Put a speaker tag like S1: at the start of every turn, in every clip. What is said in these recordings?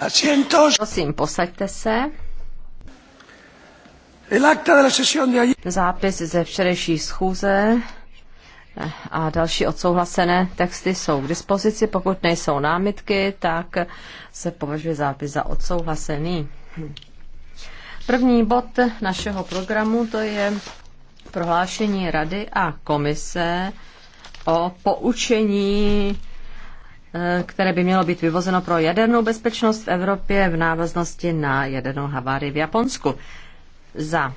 S1: asientos. Prosím, posaďte se. El acta de la sesión de ayer. Zápis ze včerejší schůze a další odsouhlasené texty jsou k dispozici. Pokud nejsou námitky, tak se považuje zápis za odsouhlasený. První bod našeho programu to je prohlášení Rady a komise o poučení Eh, které by mělo být vyvozeno pro jadernou bezpečnost v Evropě v návaznosti na jadernou havárii v Japonsku. Za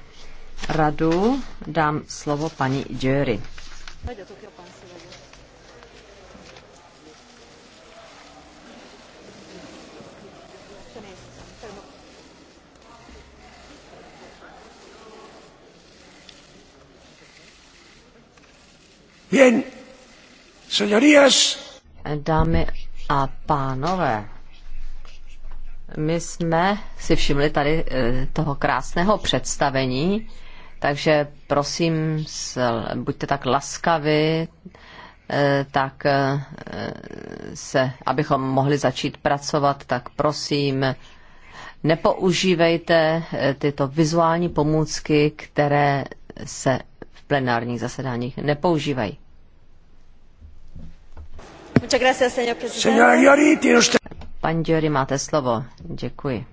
S1: radu dám slovo paní Jury. Bien, señorías, Dámy a pánové, my jsme si všimli tady eh, toho krásného představení, takže prosím, buďte tak laskavi, eh, tak eh, se, abychom mohli začít pracovat, tak prosím, nepoužívejte tyto vizuální pomůcky, které se v plenárních zasedáních nepoužívají. Paní máte slovo. Děkuji.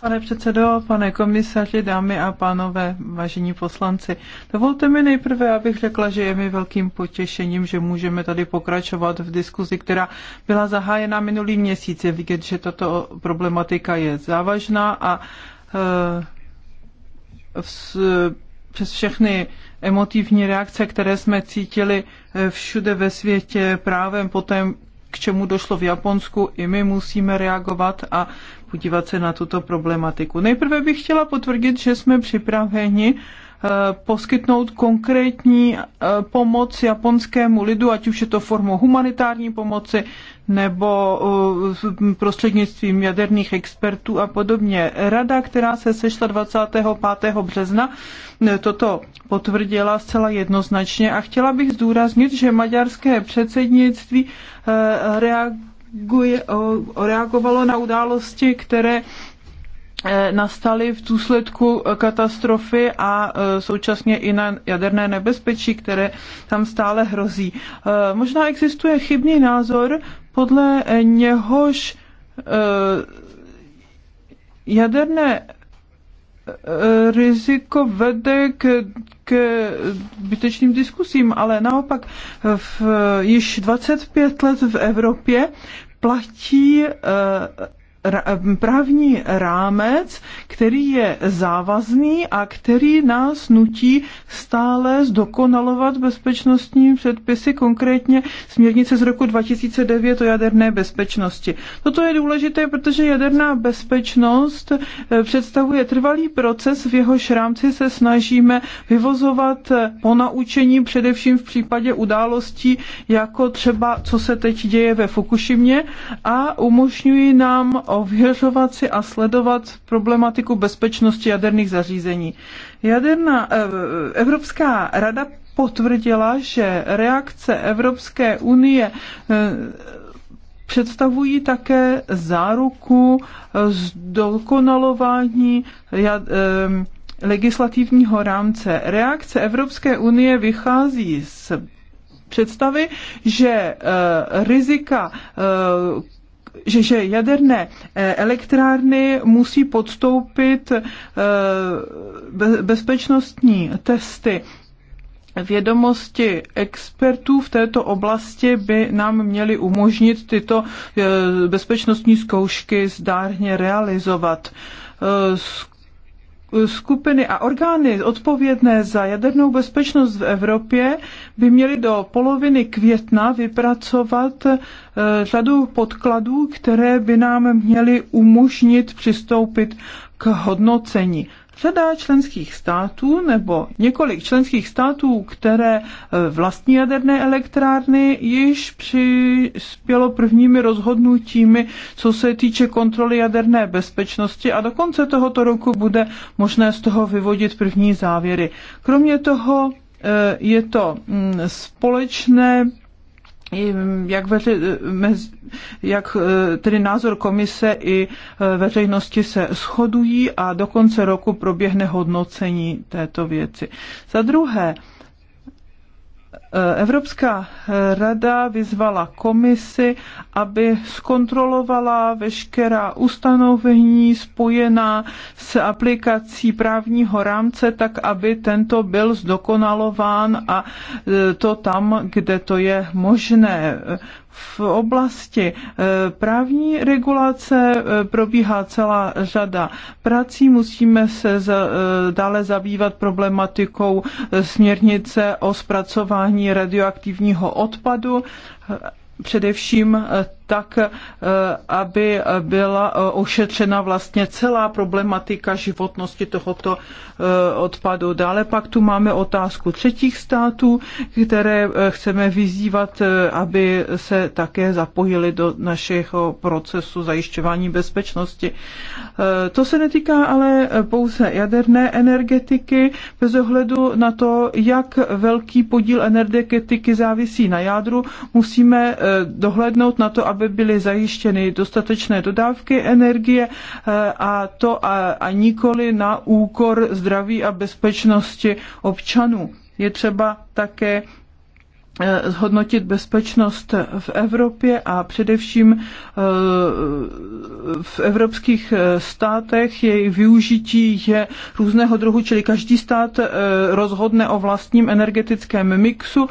S1: Pane
S2: předsedající, pane komisaři, dámy a pánové, vážení poslanci, dovolte mi nejprve, abych řekla, že je mi velkým potěšením, že můžeme tady pokračovat v diskuzi, která byla zahájena minulý měsíc. Je vidět, že tato problematika je závažná a eh, v přes všechny emotivní reakce, které jsme cítili eh, všude ve světě, právě tom, k čemu došlo v Japonsku, i my musíme reagovat a podívat se na tuto problematiku. Nejprve bych chtěla potvrdit, že jsme připraveni Eh, poskytnout konkrétní eh, pomoc japonskému lidu, ať už je to formou humanitární pomoci nebo eh, prostřednictvím jaderných expertů a podobně. Rada, která se sešla 25. března, toto potvrdila zcela jednoznačně a chtěla bych zdůraznit, že maďarské předsednictví reagovalo na události, které Eh, nastaly v důsledku eh, katastrofy a eh, současně i na jaderné nebezpečí, které tam stále hrozí. Možná existuje chybný názor, podle něhož jaderné riziko vede k, k bytečným diskusím, ale naopak v, již 25 let v Evropě platí Eh, právní rámec, který je závazný a který nás nutí stále zdokonalovat bezpečnostní předpisy, konkrétně směrnice z roku 2009 o jaderné bezpečnosti. Toto je důležité, protože jaderná bezpečnost eh, představuje trvalý proces, v jehož rámci se snažíme vyvozovat eh, ponaučení především v případě událostí, jako třeba co se teď děje ve Fukušimě a umožňují nám ověřovat si a sledovat problematiku bezpečnosti jaderných zařízení. Jaderná, eh, Evropská rada potvrdila, že reakce Evropské unie eh, představují také záruku eh, zdokonalování legislativního rámce. Reakce Evropské unie vychází z představy, že rizika že, že jaderné eh, elektrárny musí podstoupit eh, bezpečnostní testy. Vědomosti expertů v této oblasti by nám měly umožnit tyto eh, bezpečnostní zkoušky zdárně realizovat skupiny a orgány odpovědné za jadernou bezpečnost v Evropě by měly do poloviny května vypracovat eh, řadu podkladů, které by nám měly umožnit přistoupit k hodnocení. Řada členských států nebo několik členských států, které e, vlastní jaderné elektrárny, již přispělo prvními rozhodnutími, co se týče kontroly jaderné bezpečnosti a do konce tohoto roku bude možné z toho vyvodit první závěry. Kromě toho e, je to mm, společné Mm, jak, veře, jak e, tedy názor komise i e, veřejnosti se shodují a do konce roku proběhne hodnocení této věci. Za druhé, Eh, Evropská eh, rada vyzvala komisi, aby zkontrolovala veškerá ustanovení spojená s aplikací právního rámce, tak aby tento byl zdokonalován a eh, to tam, kde to je možné v oblasti eh, právní regulace eh, probíhá celá řada prací. Musíme se eh, dále zabývat problematikou směrnice o zpracování radioaktivního odpadu, především tak, eh, aby byla eh, ošetřena vlastně celá problematika životnosti tohoto eh, odpadu. Dále pak tu máme otázku třetích států, které chceme vyzývat, aby se také zapojili do našeho procesu zajišťování bezpečnosti. To se netýká ale pouze jaderné energetiky, bez ohledu na to, jak velký podíl energetiky závisí na jádru, musíme dohlednout na to, aby aby byly zajištěny dostatečné dodávky energie eh, a to a, a nikoli na úkor zdraví a bezpečnosti občanů. Je třeba také Eh, zhodnotit bezpečnost v Evropě a především eh, v evropských eh, státech. Její využití je různého druhu, čili každý stát rozhodne o vlastním energetickém mixu.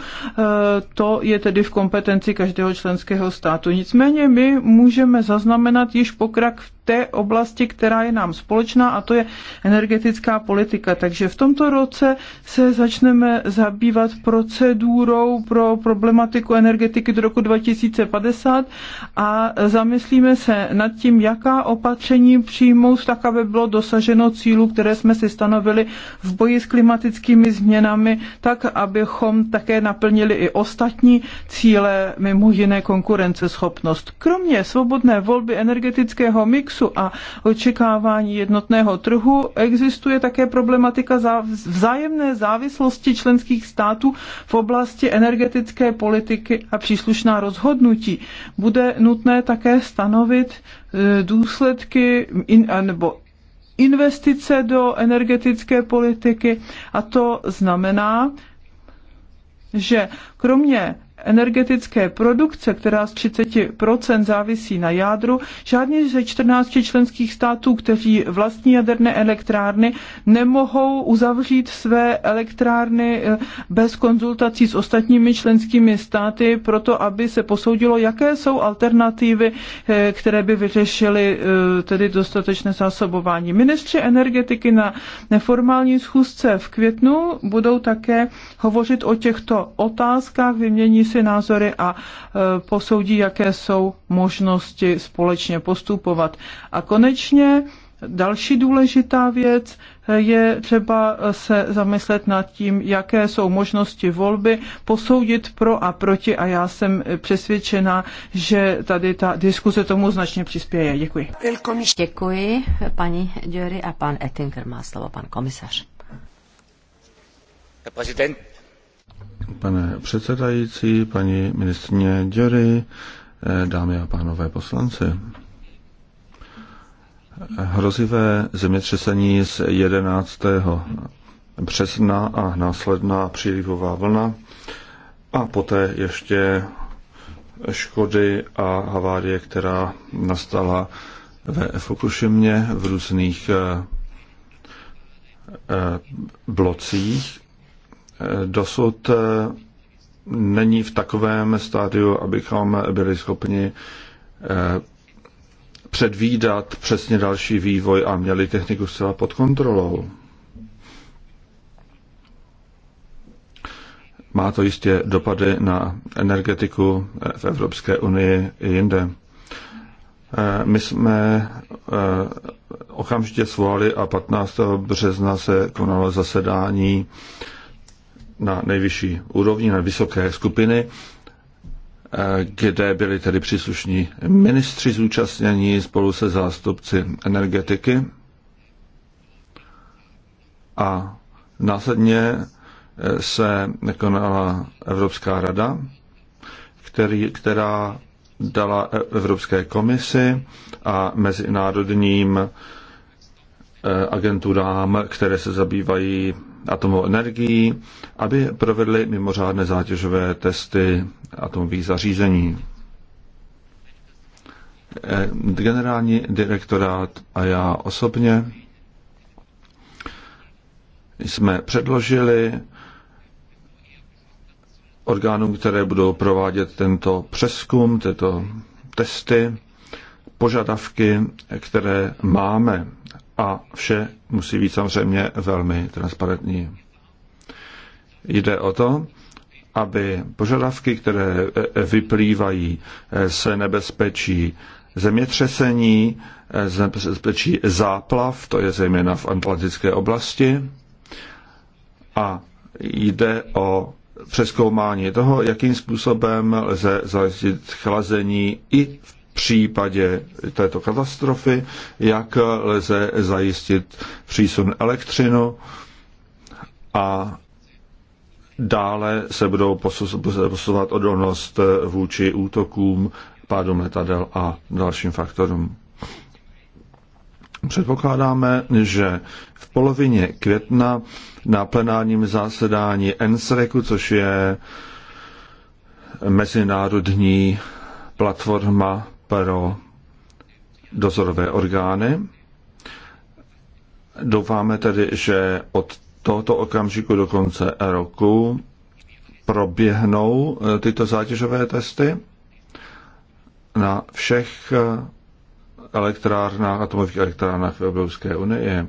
S2: To je tedy v kompetenci každého členského státu. Nicméně my můžeme zaznamenat již pokrak v té oblasti, která je nám společná, a to je energetická politika. Takže v tomto roce se začneme zabývat procedurou pro problematiku energetiky do roku 2050 a zamyslíme se nad tím, jaká opatření přijmout tak, aby bylo dosaženo cílu, které jsme si stanovili v boji s klimatickými změnami, tak, abychom také naplnili i ostatní cíle, mimo jiné konkurenceschopnost. Kromě svobodné volby energetického mixu, BRICSu a očekávání jednotného trhu existuje také problematika vzájemné závislosti členských států v oblasti energetické politiky a příslušná rozhodnutí. Bude nutné také stanovit e, důsledky in, nebo investice do energetické politiky a to znamená, že kromě energetické produkce, která z 30% závisí na jádru, žádný ze 14 členských států, kteří vlastní jaderné elektrárny, nemohou uzavřít své elektrárny eh, bez konzultací s ostatními členskými státy, proto aby se posoudilo, jaké jsou alternativy, eh, které by vyřešily eh, tedy dostatečné zásobování. Ministři energetiky na neformální schůzce v květnu budou také hovořit o těchto otázkách, vymění si názory a e, posoudí, jaké jsou možnosti společně postupovat. A konečně Další důležitá věc e, je třeba se zamyslet nad tím, jaké jsou možnosti volby, posoudit pro a proti a já jsem přesvědčena, že tady ta diskuze tomu značně přispěje. Děkuji.
S1: Děkuji paní Děry a pan Ettinger má slovo, pan komisař. Herr
S3: pane předsedající, paní ministrně Děry, eh, dámy a pánové poslanci. Hrozivé zemětřesení z 11. března a následná přílivová vlna a poté ještě škody a havárie, která nastala ve Fukušimě v různých eh, eh, blocích dosud eh, není v takovém stádiu, abychom byli schopni eh, předvídat přesně další vývoj a měli techniku zcela pod kontrolou. Má to jistě dopady na energetiku v Evropské unii i jinde. Eh, my jsme okamžitě svolali a 15. března se konalo zasedání na nejvyšší úrovni, na vysoké skupiny, eh, kde byli tedy příslušní ministři zúčastnění spolu se zástupci energetiky. A následně eh, se nekonala Evropská rada, který, která dala Evropské komisi a mezinárodním eh, agenturám, které se zabývají atomovou energií, aby provedli mimořádné zátěžové testy atomových zařízení. Eh, generální direktorát a já osobně jsme předložili orgánům, které budou provádět tento přeskum, tyto testy, požadavky, které máme. A vše musí být samozřejmě velmi transparentní. Jde o to, aby požadavky, které e, e, vyplývají e, z nebezpečí zemětřesení, z nebezpečí záplav, to je zejména v atlantické oblasti, a jde o přeskoumání toho, jakým způsobem lze zajistit chlazení i v případě této katastrofy, jak lze zajistit přísun elektřinu a dále se budou posuzovat odolnost vůči útokům, pádům letadel a dalším faktorům. Předpokládáme, že v polovině května na plenárním zasedání NSREKu, což je mezinárodní platforma pro dozorové orgány. Doufáme tedy, že od tohoto okamžiku do konce roku proběhnou eh, tyto zátěžové testy na všech eh, elektrárnách, atomových elektrárnách v Evropské unii.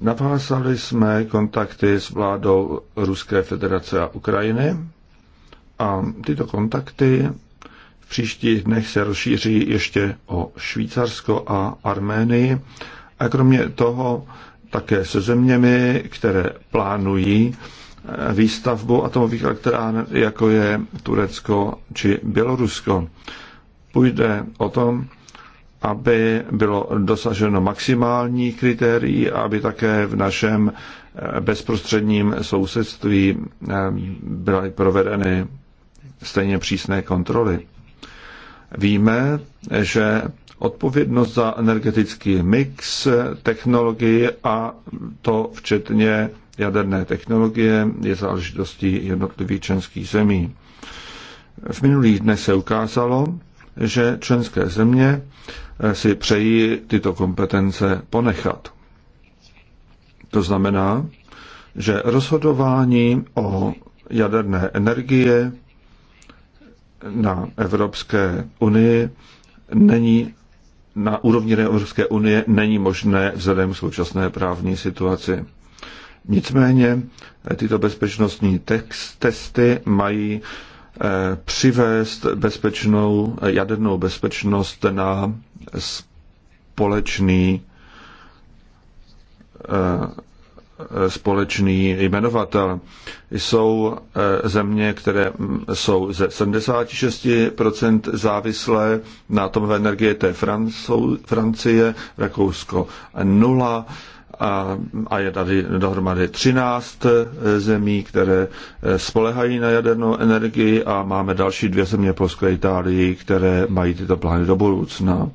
S3: Navázali jsme kontakty s vládou Ruské federace a Ukrajiny a tyto kontakty příštích dnech se rozšíří ještě o Švýcarsko a Arménii a kromě toho také se zeměmi, které plánují eh, výstavbu atomových elektráren, jako je Turecko či Bělorusko. Půjde o tom, aby bylo dosaženo maximální kritérií a aby také v našem eh, bezprostředním sousedství eh, byly provedeny stejně přísné kontroly. Víme, že odpovědnost za energetický mix, technologie a to včetně jaderné technologie je záležitostí jednotlivých členských zemí. V minulých dnech se ukázalo, že členské země si přejí tyto kompetence ponechat. To znamená, že rozhodování o jaderné energie na Evropské unii není na úrovni Evropské unie není možné vzhledem k současné právní situaci. Nicméně eh, tyto bezpečnostní text, testy mají eh, přivést bezpečnou, eh, jadernou bezpečnost na společný společný jmenovatel. Jsou eh, země, které mm, jsou ze 76% závislé na atomové energie, to je Francie, Rakousko nula a, a je tady dohromady 13 eh, zemí, které eh, spolehají na jadernou energii a máme další dvě země, Polsko a Itálii, které mají tyto plány do budoucna.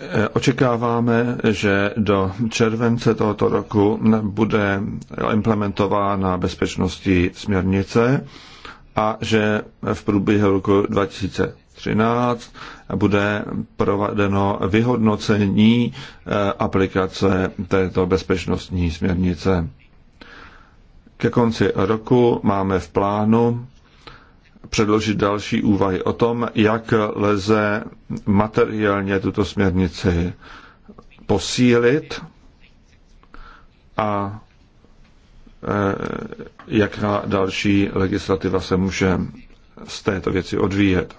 S3: Eh, očekáváme, že do července tohoto roku bude implementována bezpečnostní směrnice a že v průběhu roku 2013 bude provedeno vyhodnocení eh, aplikace této bezpečnostní směrnice. Ke konci roku máme v plánu předložit další úvahy o tom, jak lze materiálně tuto směrnici posílit a eh, jaká další legislativa se může z této věci odvíjet.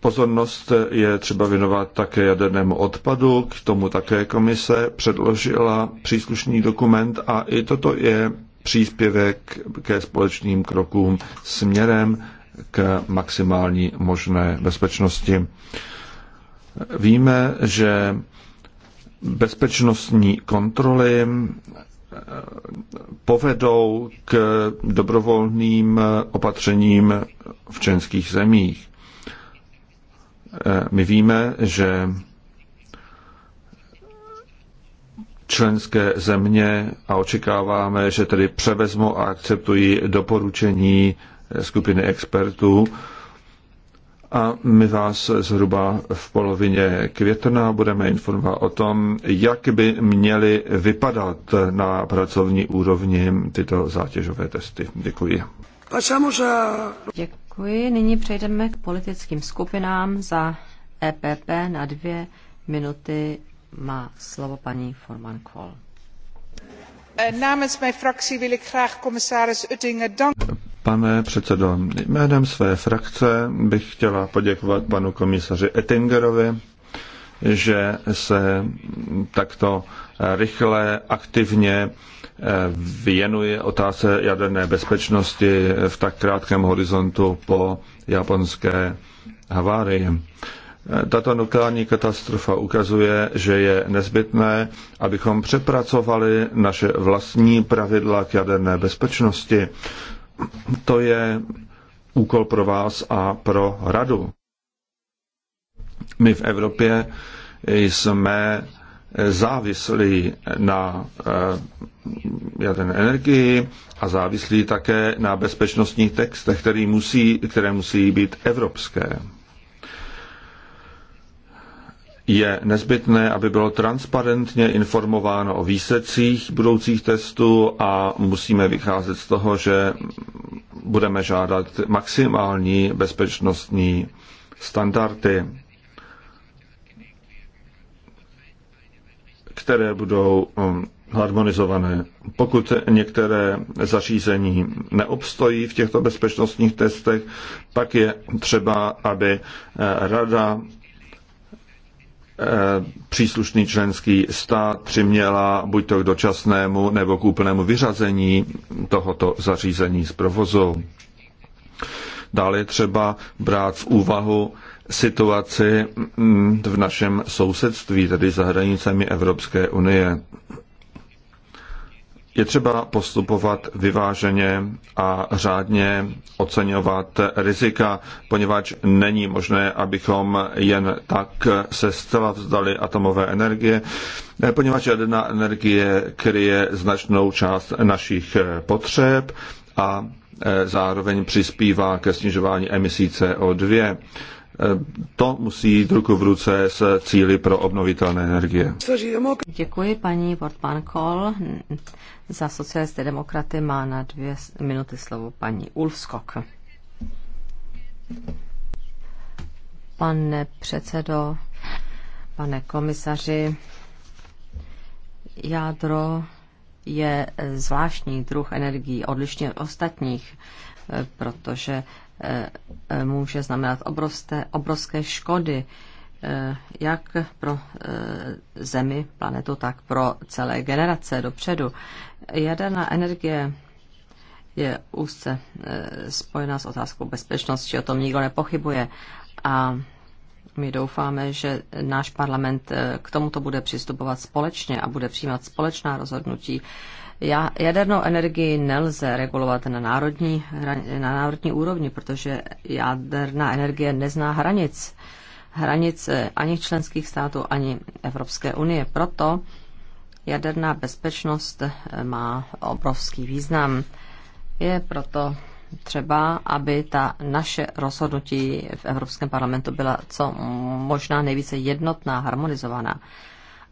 S3: Pozornost je třeba věnovat také jadernému odpadu, k tomu také komise předložila příslušný dokument a i toto je příspěvek ke společným krokům směrem k maximální možné bezpečnosti. Víme, že bezpečnostní kontroly eh, povedou k dobrovolným opatřením v členských zemích. Eh, my víme, že členské země a očekáváme, že tedy převezmu a akceptují doporučení skupiny expertů. A my vás zhruba v polovině května budeme informovat o tom, jak by měly vypadat na pracovní úrovni tyto zátěžové testy. Děkuji.
S1: Děkuji. Nyní přejdeme k politickým skupinám za EPP na dvě minuty má slovo paní Forman Kohl.
S2: Eh, frakci Uttinger
S1: Pane předsedo,
S3: jménem své frakce bych chtěla poděkovat panu komisaři Ettingerovi, že se takto eh, rychle, aktivně eh, věnuje otázce jaderné bezpečnosti v tak krátkém horizontu po japonské havárii. Tato nukleární katastrofa ukazuje, že je nezbytné, abychom přepracovali naše vlastní pravidla k jaderné bezpečnosti. To je úkol pro vás a pro radu. My v Evropě jsme závislí na eh, jaderné energii a závislí také na bezpečnostních textech, které musí, které musí být evropské je nezbytné, aby bylo transparentně informováno o výsledcích budoucích testů a musíme vycházet z toho, že budeme žádat maximální bezpečnostní standardy, které budou um, harmonizované. Pokud některé zařízení neobstojí v těchto bezpečnostních testech, pak je třeba, aby eh, rada Eh, příslušný členský stát přiměla buď to k dočasnému nebo k úplnému vyřazení tohoto zařízení z provozu. Dále je třeba brát v úvahu situaci mm, v našem sousedství, tedy za hranicemi Evropské unie. Je třeba postupovat vyváženě a řádně oceňovat rizika, poněvadž není možné, abychom jen tak se zcela vzdali atomové energie, poněvadž jedna energie kryje značnou část našich potřeb a zároveň přispívá ke snižování emisí CO2 to musí jít ruku v ruce s cíly pro obnovitelné energie.
S1: Děkuji paní Portman Kol. Za socialisty demokraty má na dvě minuty slovo paní Ulfskok. Pane předsedo, pane komisaři, jádro je zvláštní druh energií, odlišně od ostatních, protože Eh, může znamenat obrovské, obrovské škody eh, jak pro eh, Zemi, planetu, tak pro celé generace dopředu. Jaderná energie je úzce spojená s otázkou bezpečnosti, o tom nikdo nepochybuje. A my doufáme, že náš parlament k tomuto bude přistupovat společně a bude přijímat společná rozhodnutí Jadernou energii nelze regulovat na národní, na národní úrovni, protože jaderná energie nezná hranic. Hranic ani členských států, ani Evropské unie. Proto jaderná bezpečnost eh, má obrovský význam. Je proto třeba, aby ta naše rozhodnutí v Evropském parlamentu byla co možná nejvíce jednotná, harmonizovaná.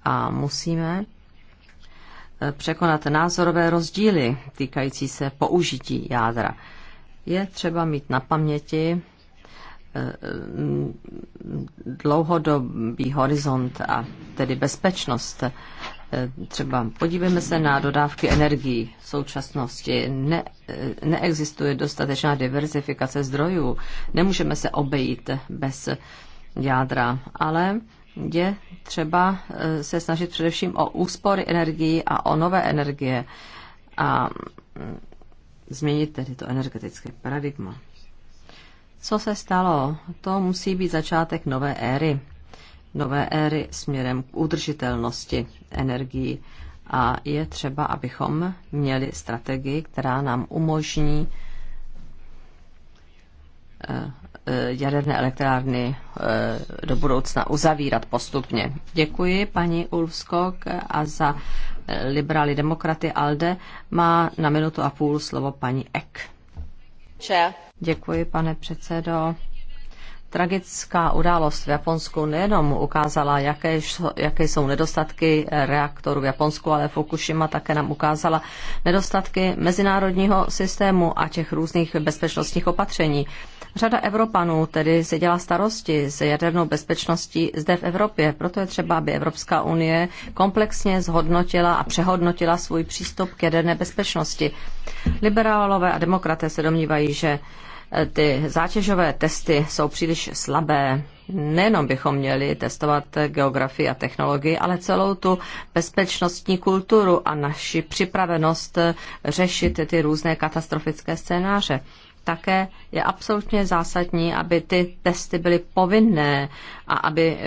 S1: A musíme překonat názorové rozdíly týkající se použití jádra. Je třeba mít na paměti eh, mm, dlouhodobý horizont a tedy bezpečnost. Eh, třeba podívejme se na dodávky energií v současnosti. Ne, eh, neexistuje dostatečná diverzifikace zdrojů. Nemůžeme se obejít bez jádra, ale je třeba eh, se snažit především o úspory energii a o nové energie a mm, změnit tedy to energetické paradigma. Co se stalo? To musí být začátek nové éry. Nové éry směrem k udržitelnosti energii. A je třeba, abychom měli strategii, která nám umožní eh, Eh, jaderné elektrárny eh, do budoucna uzavírat postupně. Děkuji paní Ulfskok a za eh, liberály demokraty ALDE má na minutu a půl slovo paní Ek. Děkuji, pane předsedo. Tragická událost v Japonsku nejenom ukázala, jaké, jaké jsou nedostatky reaktorů v Japonsku, ale Fukushima také nám ukázala nedostatky mezinárodního systému a těch různých bezpečnostních opatření. Řada Evropanů tedy se dělá starosti s jadernou bezpečností zde v Evropě, proto je třeba, aby Evropská unie komplexně zhodnotila a přehodnotila svůj přístup k jaderné bezpečnosti. Liberálové a demokraté se domnívají, že eh, ty zátěžové testy jsou příliš slabé. Nejenom bychom měli testovat geografii a technologii, ale celou tu bezpečnostní kulturu a naši připravenost eh, řešit ty různé katastrofické scénáře také je absolutně zásadní, aby ty testy byly povinné a aby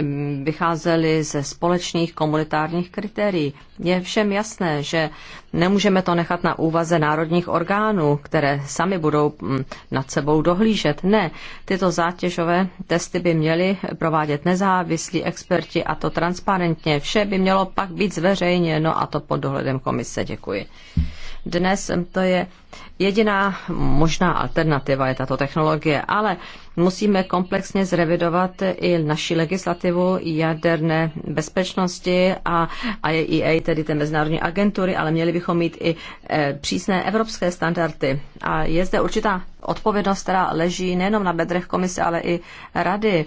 S1: vycházeli ze společných komunitárních kritérií. Je všem jasné, že nemůžeme to nechat na úvaze národních orgánů, které sami budou mm, nad sebou dohlížet. Ne, tyto zátěžové testy by měly provádět nezávislí experti a to transparentně. Vše by mělo pak být zveřejněno a to pod dohledem komise. Děkuji. Dnes to je jediná možná alternativa, je tato technologie, ale musíme komplexně zrevidovat i naši legislativu jaderné bezpečnosti a IAEA, e tedy té mezinárodní agentury, ale měli bychom mít i eh, přísné evropské standardy. A je zde určitá odpovědnost, která leží nejenom na bedrech komise, ale i rady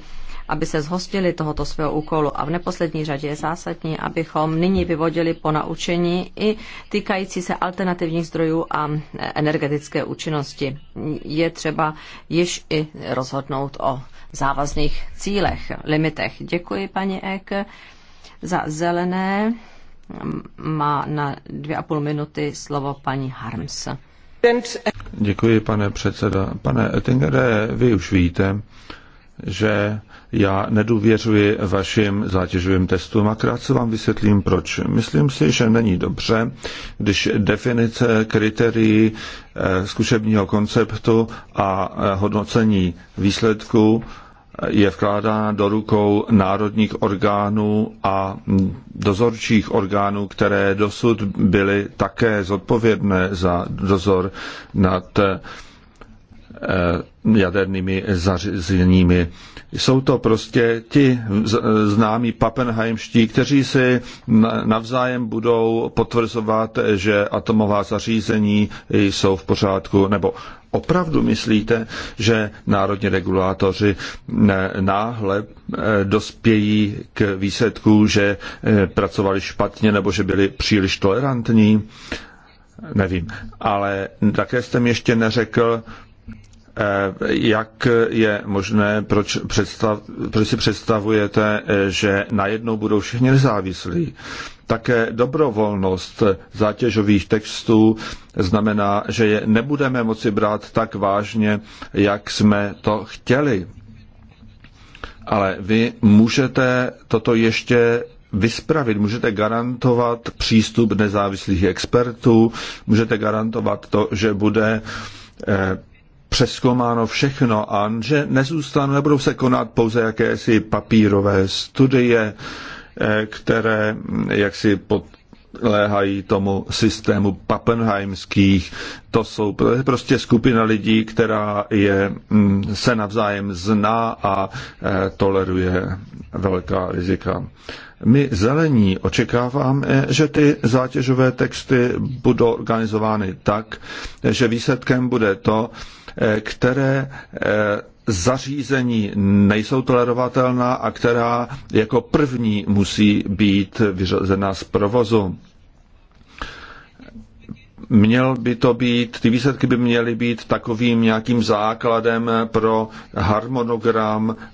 S1: aby se zhostili tohoto svého úkolu. A v neposlední řadě je zásadní, abychom nyní vyvodili po naučení i týkající se alternativních zdrojů a energetické účinnosti. Je třeba již i rozhodnout o závazných cílech, limitech. Děkuji, paní Ek, za zelené. Má na dvě a půl minuty slovo paní Harms.
S3: Děkuji, pane předseda. Pane Ettingere, vy už víte, že já nedůvěřuji vašim zátěžovým testům a krátce vám vysvětlím proč. Myslím si, že není dobře, když definice kritérií eh, zkušebního konceptu a eh, hodnocení výsledků eh, je vkládána do rukou národních orgánů a hm, dozorčích orgánů, které dosud byly také zodpovědné za dozor nad Eh, jadernými zařízeními. Jsou to prostě ti známí papenheimští, kteří si navzájem budou potvrzovat, že atomová zařízení jsou v pořádku, nebo opravdu myslíte, že národní regulátoři eh, náhle eh, dospějí k výsledku, že pracovali špatně nebo že byli příliš tolerantní? Nevím. Ale také jste mi ještě neřekl, Eh, jak je možné, proč, představ, proč si představujete, eh, že najednou budou všichni nezávislí. Také dobrovolnost zátěžových textů znamená, že je nebudeme moci brát tak vážně, jak jsme to chtěli. Ale vy můžete toto ještě vyspravit, můžete garantovat přístup nezávislých expertů, můžete garantovat to, že bude eh, přeskománo všechno a že nezůstanou, nebudou se konat pouze jakési papírové studie, eh, které mm, jaksi pod, léhají tomu systému papenheimských. To jsou prostě skupina lidí, která je, mm, se navzájem zná a e, toleruje velká rizika. My zelení očekáváme, že ty zátěžové texty budou organizovány tak, že výsledkem bude to, e, které e, zařízení nejsou tolerovatelná a která jako první musí být vyřazena z provozu. Měl by to být, ty výsledky by měly být takovým nějakým základem pro harmonogram eh,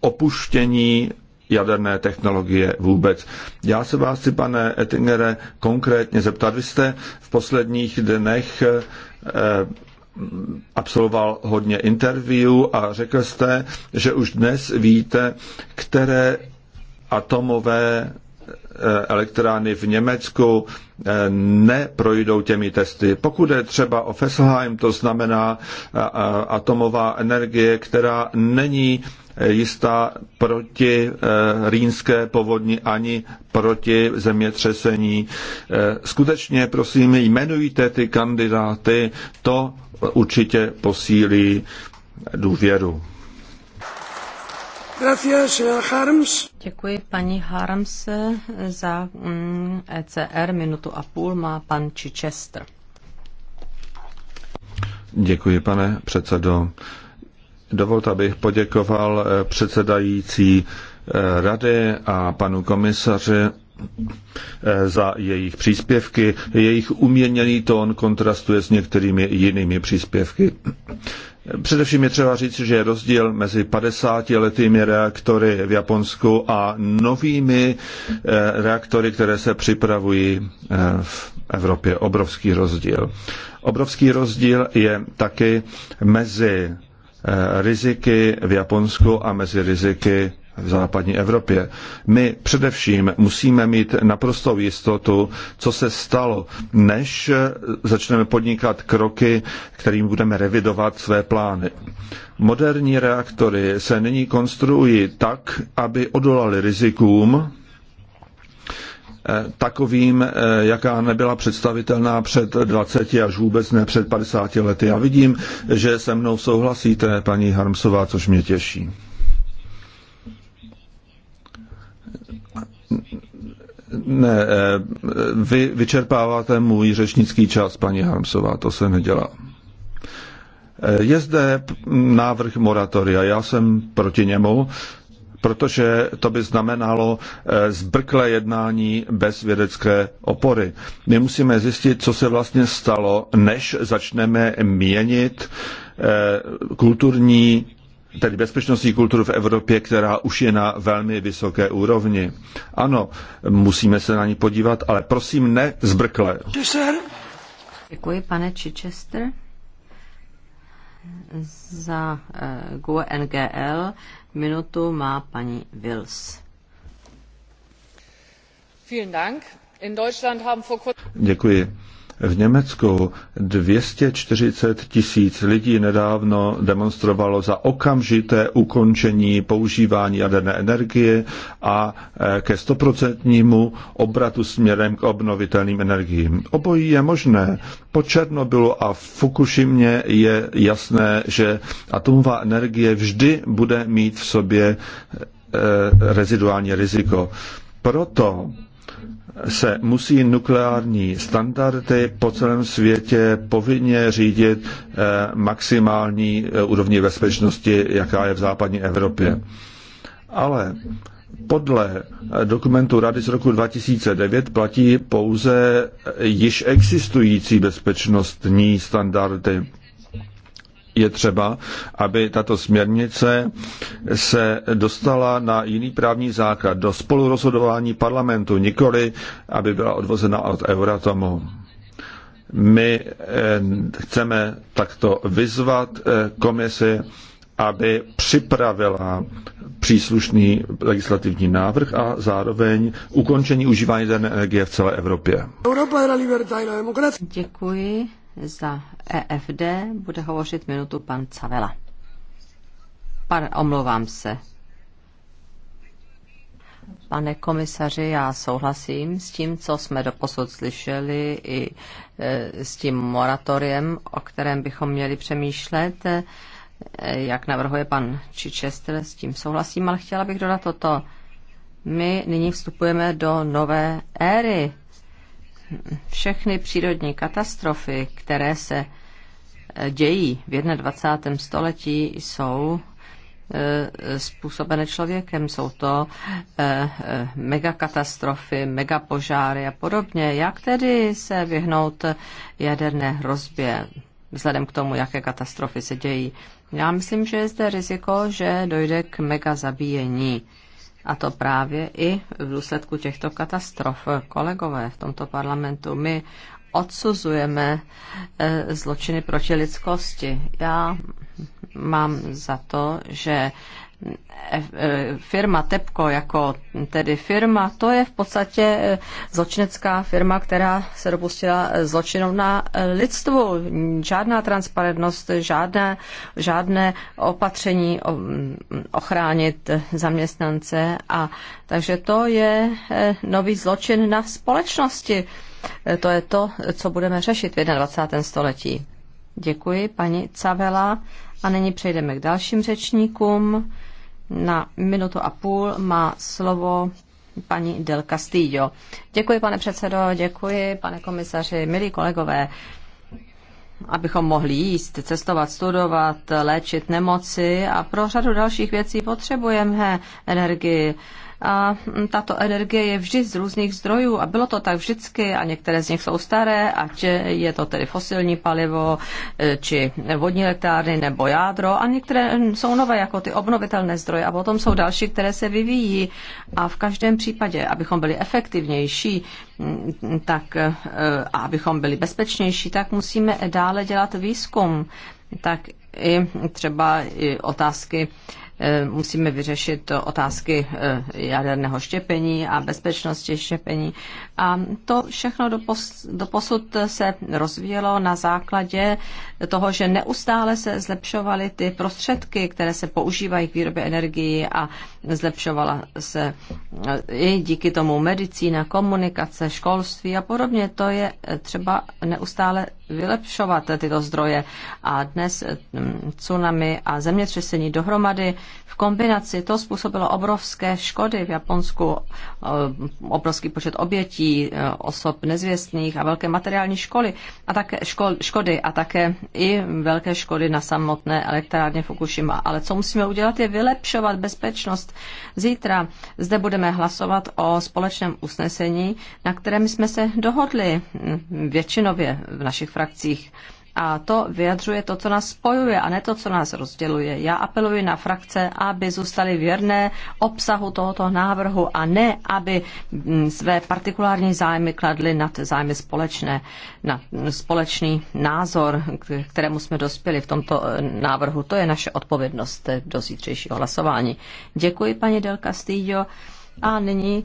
S3: opuštění jaderné technologie vůbec. Já se vás chci, pane Ettingere, konkrétně zeptat. Vy jste v posledních dnech eh, absolvoval hodně interview a řekl jste, že už dnes víte, které atomové eh, elektrárny v Německu eh, neprojdou těmi testy. Pokud je třeba o Fesselheim, to znamená eh, atomová energie, která není jistá proti rýnské povodni ani proti zemětřesení. Skutečně, prosím, jmenujte ty kandidáty, to určitě posílí důvěru.
S1: Děkuji paní Harms za mm, ECR. Minutu a půl má pan Chichester.
S3: Děkuji, pane předsedo. Dovolte, abych poděkoval eh, předsedající eh, rady a panu komisaři Eh, za jejich příspěvky. Jejich uměněný tón kontrastuje s některými jinými příspěvky. Především je třeba říct, že je rozdíl mezi 50-letými reaktory v Japonsku a novými eh, reaktory, které se připravují eh, v Evropě. Obrovský rozdíl. Obrovský rozdíl je taky mezi riziky v Japonsku a mezi riziky v západní Evropě. My především musíme mít naprostou jistotu, co se stalo, než začneme podnikat kroky, kterým budeme revidovat své plány. Moderní reaktory se nyní konstruují tak, aby odolali rizikům, eh, takovým, eh, jaká nebyla představitelná před 20 až vůbec ne před 50 lety. A vidím, že se mnou souhlasíte, paní Harmsová, což mě těší. Ne, eh, vy vyčerpáváte můj řečnický čas, paní Harmsová, to se nedělá. Eh, je zde návrh moratoria, já jsem proti němu, protože to by znamenalo eh, zbrklé jednání bez vědecké opory. My musíme zjistit, co se vlastně stalo, než začneme měnit kulturní tedy bezpečnostní kulturu v Evropě, která už je na velmi vysoké úrovni. Ano, musíme se na ní podívat, ale prosím ne zbrkle.
S1: Děkuji, pane Chichester. Za uh, eh, GUNGL. E minutu má paní Wills.
S2: Vielen Dank. In Deutschland haben vor Děkuji.
S3: V Německu 240 tisíc lidí nedávno demonstrovalo za okamžité ukončení používání jaderné energie a e, ke stoprocentnímu obratu směrem k obnovitelným energiím. Obojí je možné. Po Černobylu a Fukushimě je jasné, že atomová energie vždy bude mít v sobě e, e, reziduální riziko. Proto se musí nukleární standardy po celém světě povinně řídit eh, maximální eh, úrovni bezpečnosti, jaká je v západní Evropě. Ale podle eh, dokumentu Rady z roku 2009 platí pouze již existující bezpečnostní standardy je třeba, aby tato směrnice se dostala na jiný právní základ, do spolurozhodování parlamentu, nikoli, aby byla odvozena od Euratomu. My eh, chceme takto vyzvat eh, komisi, aby připravila příslušný legislativní návrh a zároveň ukončení užívání energie v celé Evropě.
S1: Děkuji za EFD bude hovořit minutu pan Cavela. Pan, omlouvám se. Pane komisaři, já souhlasím s tím, co jsme doposud slyšeli i e, s tím moratoriem, o kterém bychom měli přemýšlet, e, jak navrhuje pan Chichester, s tím souhlasím, ale chtěla bych dodat toto. My nyní vstupujeme do nové éry všechny přírodní katastrofy, které se eh, dějí v 21. století, jsou eh, způsobené člověkem. Jsou to eh, megakatastrofy, megapožáry a podobně. Jak tedy se vyhnout jaderné hrozbě, vzhledem k tomu, jaké katastrofy se dějí? Já myslím, že je zde riziko, že dojde k megazabíjení. zabíjení a to právě i v důsledku těchto katastrof. Kolegové v tomto parlamentu, my odsuzujeme eh, zločiny proti lidskosti. Já mám za to, že firma Tepko jako tedy firma, to je v podstatě eh, zločinecká firma, která se dopustila zločinov na eh, lidstvu. Žádná transparentnost, žádné, žádné opatření eh, ochránit zaměstnance a takže to je nový zločin na společnosti. To je to, co budeme řešit v 21. století. Děkuji, paní Cavela. A nyní přejdeme k dalším řečníkům. Na minutu a půl má slovo paní Del Castillo. Děkuji, pane předsedo, děkuji, pane komisaři, milí kolegové. Abychom mohli jíst, cestovat, studovat, léčit nemoci a pro řadu dalších věcí potřebujeme energii a tato energie je vždy z různých zdrojů a bylo to tak vždycky a některé z nich jsou staré, ať je to tedy fosilní palivo, e, či vodní elektrárny nebo jádro a některé jsou nové, jako ty obnovitelné zdroje a potom jsou další, které se vyvíjí a v každém případě, abychom byli efektivnější, mm, tak e, a abychom byli bezpečnější, tak musíme dále dělat výzkum tak i třeba i otázky Eh, musíme vyřešit otázky eh, jaderného štěpení a bezpečnosti štěpení a to všechno do posud se rozvíjelo na základě toho, že neustále se zlepšovaly ty prostředky, které se používají k výrobě energii a zlepšovala se e, i díky tomu medicína, komunikace, školství a podobně. To je e, třeba neustále vylepšovat tyto zdroje. A dnes e, tsunami a zemětřesení dohromady v kombinaci to způsobilo obrovské škody v Japonsku, obrovský počet obětí, Eh, osob nezvěstných a velké materiální školy a také ško, škody a také i velké škody na samotné elektrárně Fukushima. Ale co musíme udělat, je vylepšovat bezpečnost. Zítra zde budeme hlasovat o společném usnesení, na kterém jsme se dohodli mm, většinově v našich frakcích. A to vyjadřuje to, co nás spojuje a ne to, co nás rozděluje. Já apeluji na frakce, aby zůstali věrné obsahu tohoto návrhu a ne, aby mm, své partikulární zájmy kladly nad zájmy společné, na mm, společný názor, kterému jsme dospěli v tomto eh, návrhu. To je naše odpovědnost eh, do zítřejšího hlasování. Děkuji, paní Del Castillo. A nyní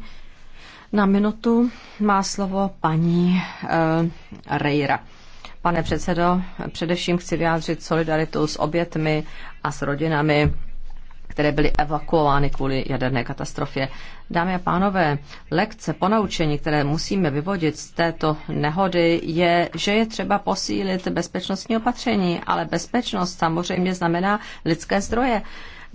S1: na minutu má slovo paní uh, eh, Reira. Pane předsedo, především chci vyjádřit solidaritu s obětmi a s rodinami které byly evakuovány kvůli jaderné katastrofě. Dámy a pánové, lekce, ponaučení, které musíme vyvodit z této nehody, je, že je třeba posílit bezpečnostní opatření, ale bezpečnost samozřejmě znamená lidské zdroje.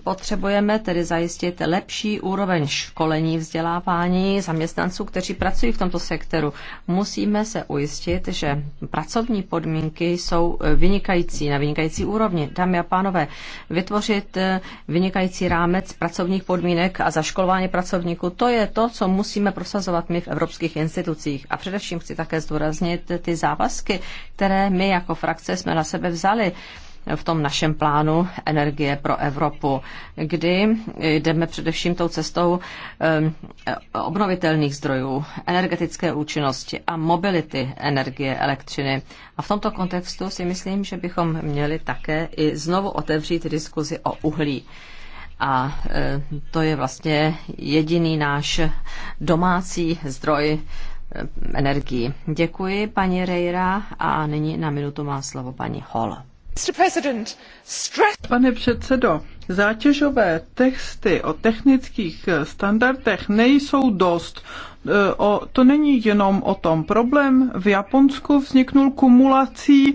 S1: Potřebujeme tedy zajistit lepší úroveň školení, vzdělávání zaměstnanců, kteří pracují v tomto sektoru. Musíme se ujistit, že pracovní podmínky jsou vynikající, na vynikající úrovni. Dámy a pánové, vytvořit eh, vynikající rámec pracovních podmínek a zaškolování pracovníků, to je to, co musíme prosazovat my v evropských institucích. A především chci také zdůraznit ty závazky, které my jako frakce jsme na sebe vzali v tom našem plánu Energie pro Evropu, kdy jdeme především tou cestou obnovitelných zdrojů, energetické účinnosti a mobility energie, elektřiny. A v tomto kontextu si myslím, že bychom měli také i znovu otevřít diskuzi o uhlí. A e, to je vlastně jediný náš domácí zdroj e, energii. Děkuji, paní Rejra, a nyní na minutu má slovo paní Hall.
S2: Pane předsedo, zátěžové testy o technických standardech nejsou dost E, o, to není jenom o tom. Problém v Japonsku vzniknul kumulací e,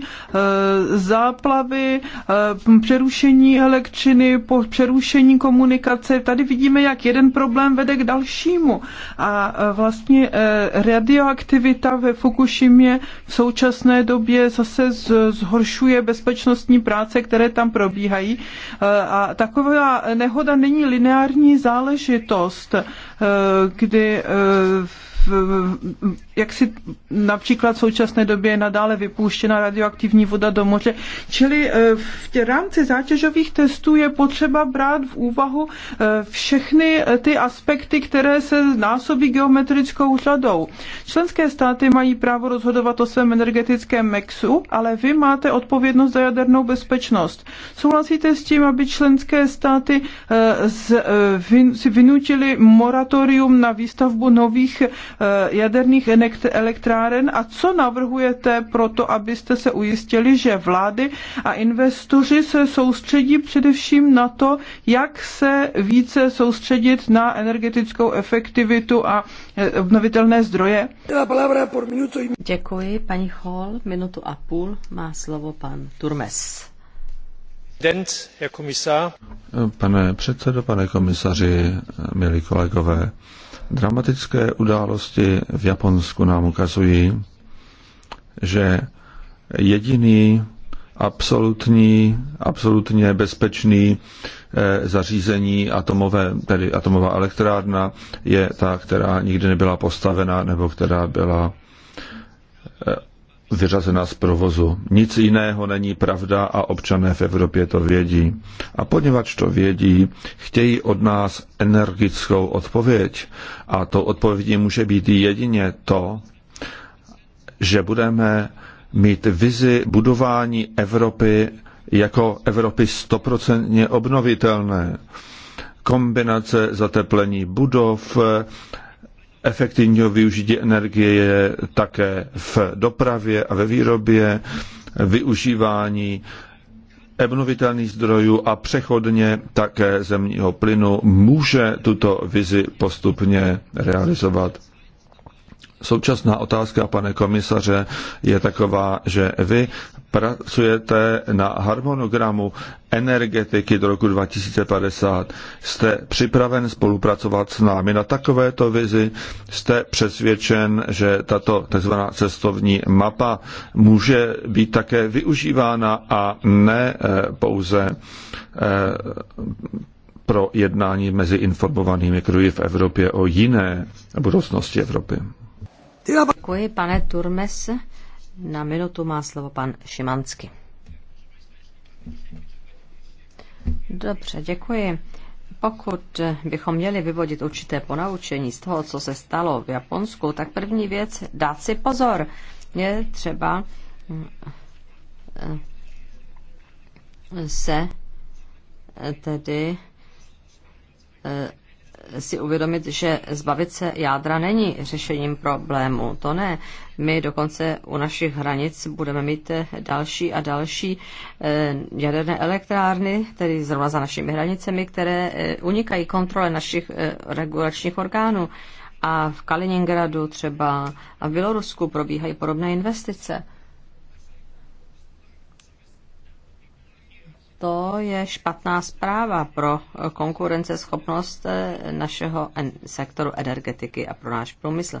S2: záplavy, e, přerušení elektřiny, přerušení komunikace. Tady vidíme, jak jeden problém vede k dalšímu. A vlastně radioaktivita ve Fukushimě v současné době zase zhoršuje bezpečnostní práce, které tam probíhají. A taková nehoda není lineární záležitost, kdy v jak si například v současné době je nadále vypuštěna radioaktivní voda do moře. Čili eh, v tě rámci zátěžových testů je potřeba brát v úvahu eh, všechny eh, ty aspekty, které se násobí geometrickou řadou. Členské státy mají právo rozhodovat o svém energetickém mexu, ale vy máte odpovědnost za jadernou bezpečnost. Souhlasíte s tím, aby členské státy z, vin, si vynutili moratorium na výstavbu nových Eh, jaderných elektráren a co navrhujete pro to, abyste se ujistili, že vlády a investoři se soustředí především na to, jak se více soustředit na energetickou efektivitu a eh, obnovitelné zdroje?
S1: Děkuji, paní Hall. Minutu a půl má slovo pan Turmes.
S3: Pane předsedo, pane komisaři, milí kolegové, Dramatické události v Japonsku nám ukazují, že jediný absolutní, absolutně bezpečný eh, zařízení atomové, tedy atomová elektrárna je ta, která nikdy nebyla postavena nebo která byla eh, vyřazena z provozu. Nic jiného není pravda a občané v Evropě to vědí. A poněvadž to vědí, chtějí od nás energickou odpověď. A to odpovědí může být jedině to, že budeme mít vizi budování Evropy jako Evropy stoprocentně obnovitelné. Kombinace zateplení budov, efektivního využití energie je také v dopravě a ve výrobě, využívání obnovitelných zdrojů a přechodně také zemního plynu může tuto vizi postupně realizovat. Současná otázka, pane komisaře, je taková, že vy pracujete na harmonogramu energetiky do roku 2050. Jste připraven spolupracovat s námi na takovéto vizi? Jste přesvědčen, že tato tzv. cestovní mapa může být také využívána a ne eh, pouze eh, pro jednání mezi informovanými kruji v Evropě o jiné budoucnosti Evropy?
S1: Děkuji, pane Turmes. Na minutu má slovo pan Šimansky. Dobře, děkuji. Pokud bychom měli vyvodit určité ponaučení z toho, co se stalo v Japonsku, tak první věc dát si pozor. Je třeba eh, se eh, tedy eh, si uvědomit, že zbavit se jádra není řešením problému. To ne. My dokonce u našich hranic budeme mít eh, další a další eh, jaderné elektrárny, tedy zrovna za našimi hranicemi, které eh, unikají kontrole našich regulačních orgánů. A v Kaliningradu třeba a v Bělorusku probíhají podobné investice. to je špatná zpráva pro konkurenceschopnost našeho sektoru energetiky a pro náš průmysl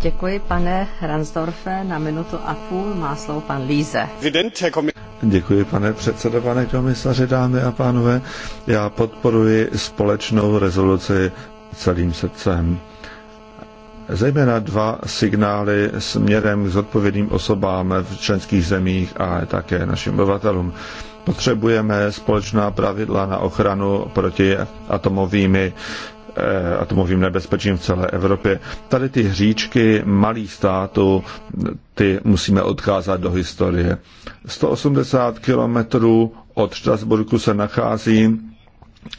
S1: Děkuji, pane Ransdorfe. Na minutu a půl má slovo pan Líze.
S3: Děkuji, pane předsedo, pane komisaři, dámy a pánové. Já podporuji společnou rezoluci celým srdcem. Zejména dva signály směrem k zodpovědným osobám v členských zemích a také našim obyvatelům. Potřebujeme společná pravidla na ochranu proti atomovými Eh, a to mluvím nebezpečím v celé Evropě, tady ty hříčky malých států, ty musíme odkázat do historie. 180 kilometrů od Štrasburku se nachází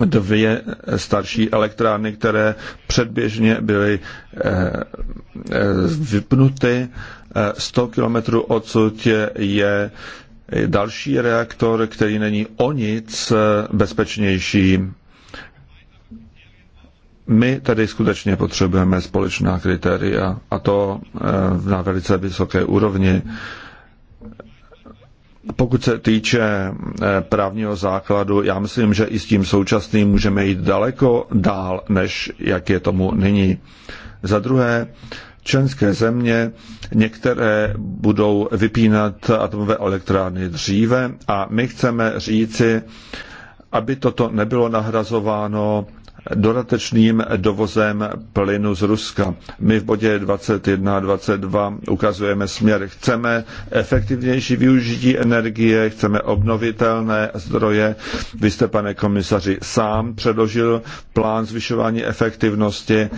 S3: dvě starší elektrárny, které předběžně byly eh, eh, vypnuty. 100 kilometrů odsud je další reaktor, který není o nic bezpečnější my tady skutečně potřebujeme společná kritéria a to eh, na velice vysoké úrovni. Pokud se týče eh, právního základu, já myslím, že i s tím současným můžeme jít daleko dál, než jak je tomu nyní. Za druhé, členské země některé budou vypínat atomové elektrárny dříve a my chceme říci, aby toto nebylo nahrazováno dodatečným dovozem plynu z Ruska. My v bodě 21 a 22 ukazujeme směr. Chceme efektivnější využití energie, chceme obnovitelné zdroje. Vy jste, pane komisaři, sám předložil plán zvyšování efektivnosti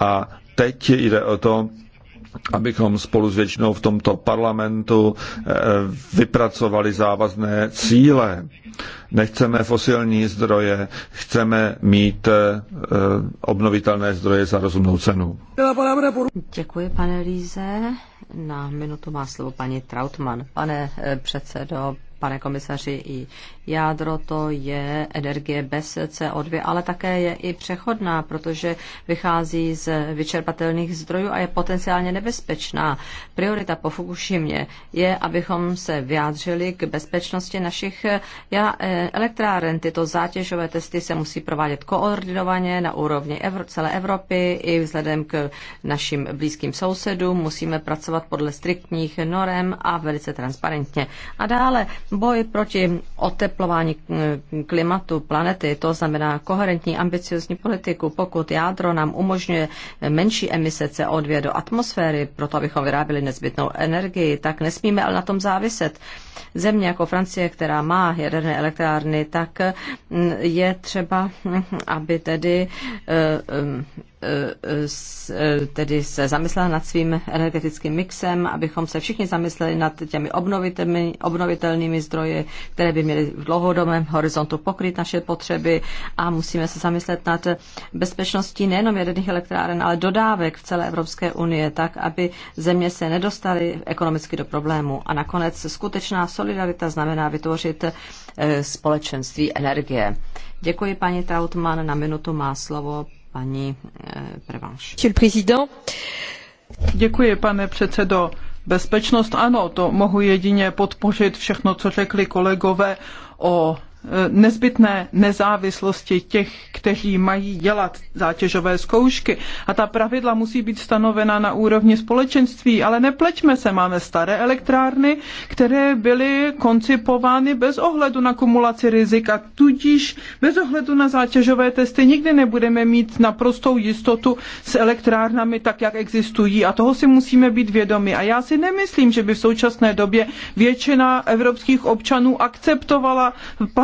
S3: a teď jde o to, abychom spolu s většinou v tomto parlamentu eh, vypracovali závazné cíle. Nechceme fosilní zdroje, chceme mít eh, obnovitelné zdroje za rozumnou cenu.
S1: Děkuji, pane Líze. Na minutu má slovo paní Trautmann. Pane eh, předsedo, pane komisaři, i jádro to je energie bez CO2, ale také je i přechodná, protože vychází z vyčerpatelných zdrojů a je potenciálně nebezpečná. Priorita po Fukushimě je, abychom se vyjádřili k bezpečnosti našich e, elektráren. Tyto zátěžové testy se musí provádět koordinovaně na úrovni celé Evropy i vzhledem k našim blízkým sousedům. Musíme pracovat podle striktních norem a velice transparentně. A dále Boj proti oteplování eh, klimatu planety, to znamená koherentní ambiciozní politiku, pokud jádro nám umožňuje menší emise CO2 do atmosféry, proto abychom vyráběli nezbytnou energii, tak nesmíme ale na tom záviset. Země jako Francie, která má jaderné elektrárny, tak mm, je třeba, mm, aby tedy eh, tedy se zamyslela nad svým energetickým mixem, abychom se všichni zamysleli nad těmi obnovitelnými, obnovitelnými zdroji, které by měly v dlouhodobém horizontu pokryt naše potřeby a musíme se zamyslet nad bezpečností nejenom jaderných elektráren, ale dodávek v celé Evropské unie, tak, aby země se nedostaly ekonomicky do problému. A nakonec skutečná solidarita znamená vytvořit eh, společenství energie. Děkuji paní Trautmann, na minutu má slovo paní eh, Prevanš.
S2: Děkuji, pane předsedo. Bezpečnost, ano, to mohu jedině podpořit všechno, co řekli kolegové o nezbytné nezávislosti těch, kteří mají dělat zátěžové zkoušky. A ta pravidla musí být stanovena na úrovni společenství, ale nepleťme se, máme staré elektrárny, které byly koncipovány bez ohledu na kumulaci rizika, tudíž bez ohledu na zátěžové testy nikdy nebudeme mít naprostou jistotu s elektrárnami tak, jak existují a toho si musíme být vědomi. A já si nemyslím, že by v současné době většina evropských občanů akceptovala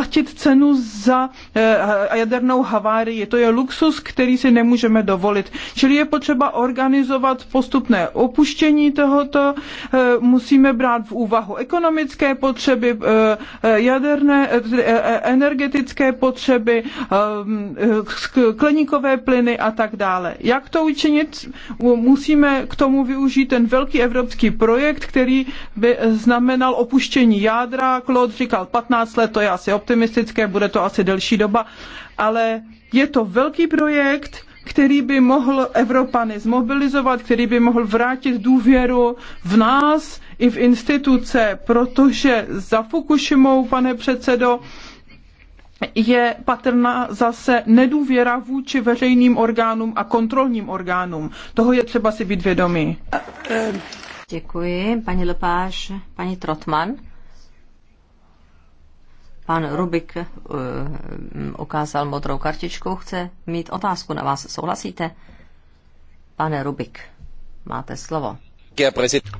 S2: platit cenu za eh, jadernou havárii. To je luxus, který si nemůžeme dovolit. Čili je potřeba organizovat postupné opuštění tohoto. Eh, musíme brát v úvahu ekonomické potřeby, eh, jaderné, energetické potřeby, skleníkové plyny a tak dále. Jak to učinit? Musíme k tomu využít ten velký evropský projekt, který by znamenal opuštění jádra. Claude říkal 15 let, to je asi optimální optimistické, bude to asi delší doba, ale je to velký projekt, který by mohl Evropany zmobilizovat, který by mohl vrátit důvěru v nás i v instituce, protože za Fukushimou, pane předsedo, je patrná zase nedůvěra vůči veřejným orgánům a kontrolním orgánům. Toho je třeba si být vědomý.
S1: Děkuji, paní Lepáš, paní Trotman. Pan Rubik eh, ukázal modrou kartičku, chce mít otázku na vás. Souhlasíte? Pane Rubik, máte slovo.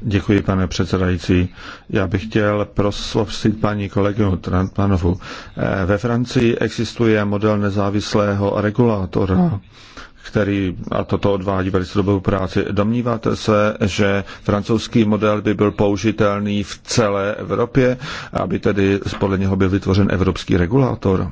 S3: Děkuji, pane předsedající. Já bych chtěl proslovit paní kolegu Trantmanovu. Eh, ve Francii existuje model nezávislého regulátora. No který a toto odvádí velice dobrou práci. Domníváte se, že francouzský model by byl použitelný v celé Evropě, aby tedy podle něho byl vytvořen evropský regulátor?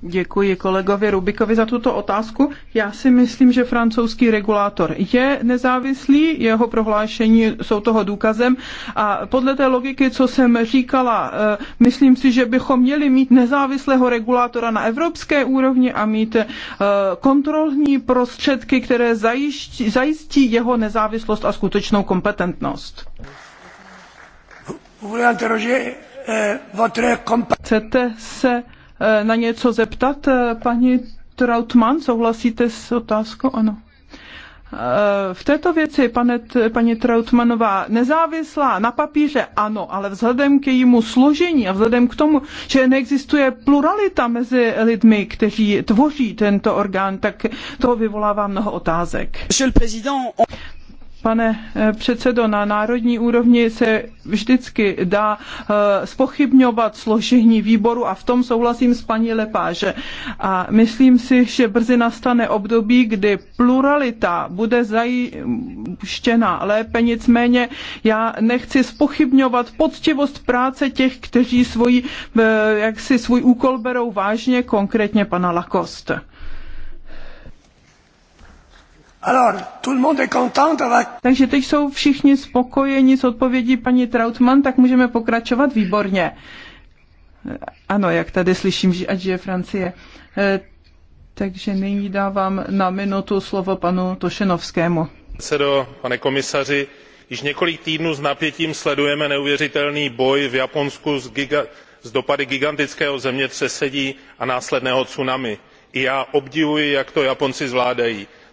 S2: Děkuji kolegovi Rubikovi za tuto otázku. Já si myslím, že francouzský regulátor je nezávislý, jeho prohlášení jsou toho důkazem a podle té logiky, co jsem říkala, eh, myslím si, že bychom měli mít nezávislého regulátora na evropské úrovni a mít eh, kontrolní prostředky, které zajiští, zajistí jeho nezávislost a skutečnou kompetentnost. Volante Roger, Chcete se eh, na něco zeptat, eh, paní Trautmann? Souhlasíte s otázkou? Ano. Eh, v této věci, pane, paní Trautmanová, nezávislá na papíře ano, ale vzhledem k jejímu složení a vzhledem k tomu, že neexistuje pluralita mezi lidmi, kteří tvoří tento orgán, tak to vyvolává mnoho otázek. Pane eh, předsedo, na národní úrovni se vždycky dá eh, spochybňovat složení výboru a v tom souhlasím s paní Lepáže. A myslím si, že brzy nastane období, kdy pluralita bude zajištěna lépe, nicméně já nechci spochybňovat poctivost práce těch, kteří svůj, eh, jak si svůj úkol berou vážně, konkrétně pana Lakoste. Takže teď jsou všichni spokojeni s odpovědí paní Trautmann, tak můžeme pokračovat výborně. Ano, jak tady slyším, že ať je Francie. Eh, takže nyní dávám na minutu slovo panu Tošenovskému.
S4: Předsedo, pane komisaři, již několik týdnů s napětím sledujeme neuvěřitelný boj v Japonsku s, giga, s dopady gigantického zemětřesení a následného tsunami. I já obdivuji, jak to Japonci zvládají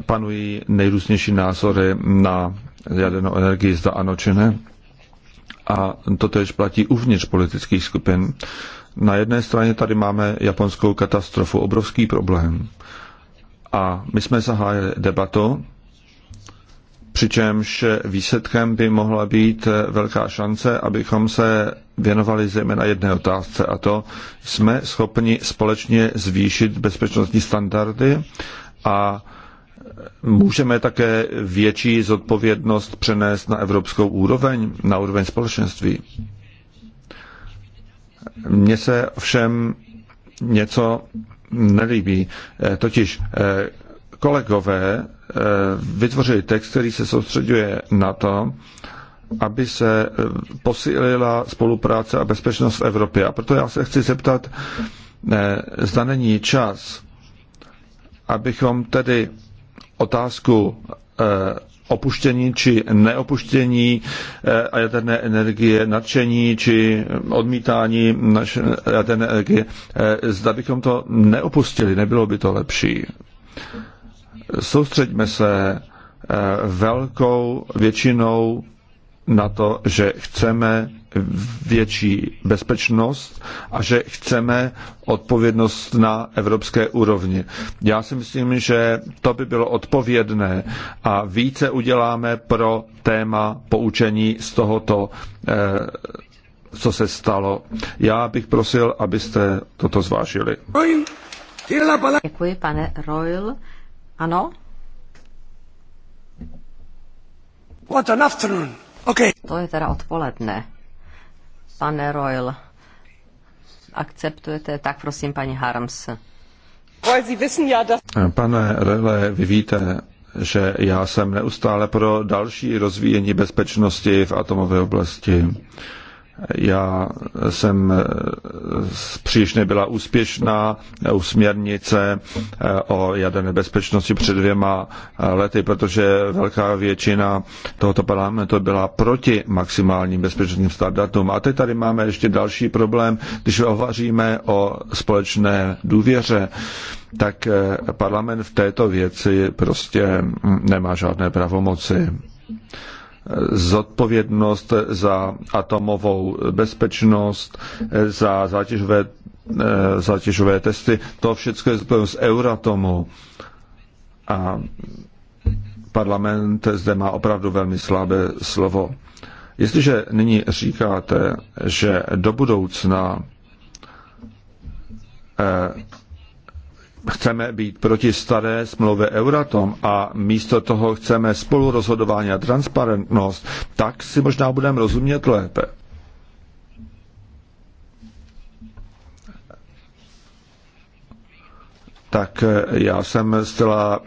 S3: panují nejrůznější názory na jadernou energii, zda ano či ne. A to tež platí uvnitř politických skupin. Na jedné straně tady máme japonskou katastrofu, obrovský problém. A my jsme zahájili debatu, přičemž výsledkem by mohla být velká šance, abychom se věnovali zejména jedné otázce a to jsme schopni společně zvýšit bezpečnostní standardy a můžeme také větší zodpovědnost přenést na evropskou úroveň, na úroveň společenství. Mně se všem něco nelíbí. Eh, totiž eh, kolegové eh, vytvořili text, který se soustředuje na to, aby se posílila spolupráce a bezpečnost v Evropě. A proto já se chci zeptat, zda není čas, abychom tedy otázku eh, opuštění či neopuštění eh, a jaderné energie, nadšení či odmítání jaderné energie. Eh, zda bychom to neopustili, nebylo by to lepší. Soustřeďme se velkou většinou na to, že chceme větší bezpečnost a že chceme odpovědnost na evropské úrovni. Já si myslím, že to by bylo odpovědné a více uděláme pro téma poučení z tohoto, eh, co se stalo. Já bych prosil, abyste toto zvážili.
S1: Děkuji, pane Royal. Ano? What an afternoon. Okay. To je teda odpoledne. Pane Royal, akceptujete? Tak prosím, paní Harms.
S3: Pane Rele, vy víte, že já jsem neustále pro další rozvíjení bezpečnosti v atomové oblasti. Já jsem eh, příliš nebyla úspěšná u směrnice eh, o jaderné bezpečnosti před dvěma eh, lety, protože velká většina tohoto parlamentu byla proti maximálním bezpečnostním standardům. A teď tady máme ještě další problém, když hovoříme o společné důvěře tak parlament v této věci prostě mm, nemá žádné pravomoci zodpovědnost za atomovou bezpečnost, za zátěžové, eh, zátěžové testy. To všechno je zodpovědnost z Euratomu. A parlament zde má opravdu velmi slabé slovo. Jestliže nyní říkáte, že do budoucna eh, chceme být proti staré smlouvě Euratom a místo toho chceme spolurozhodování a transparentnost, tak si možná budeme rozumět lépe. tak eh, já jsem zcela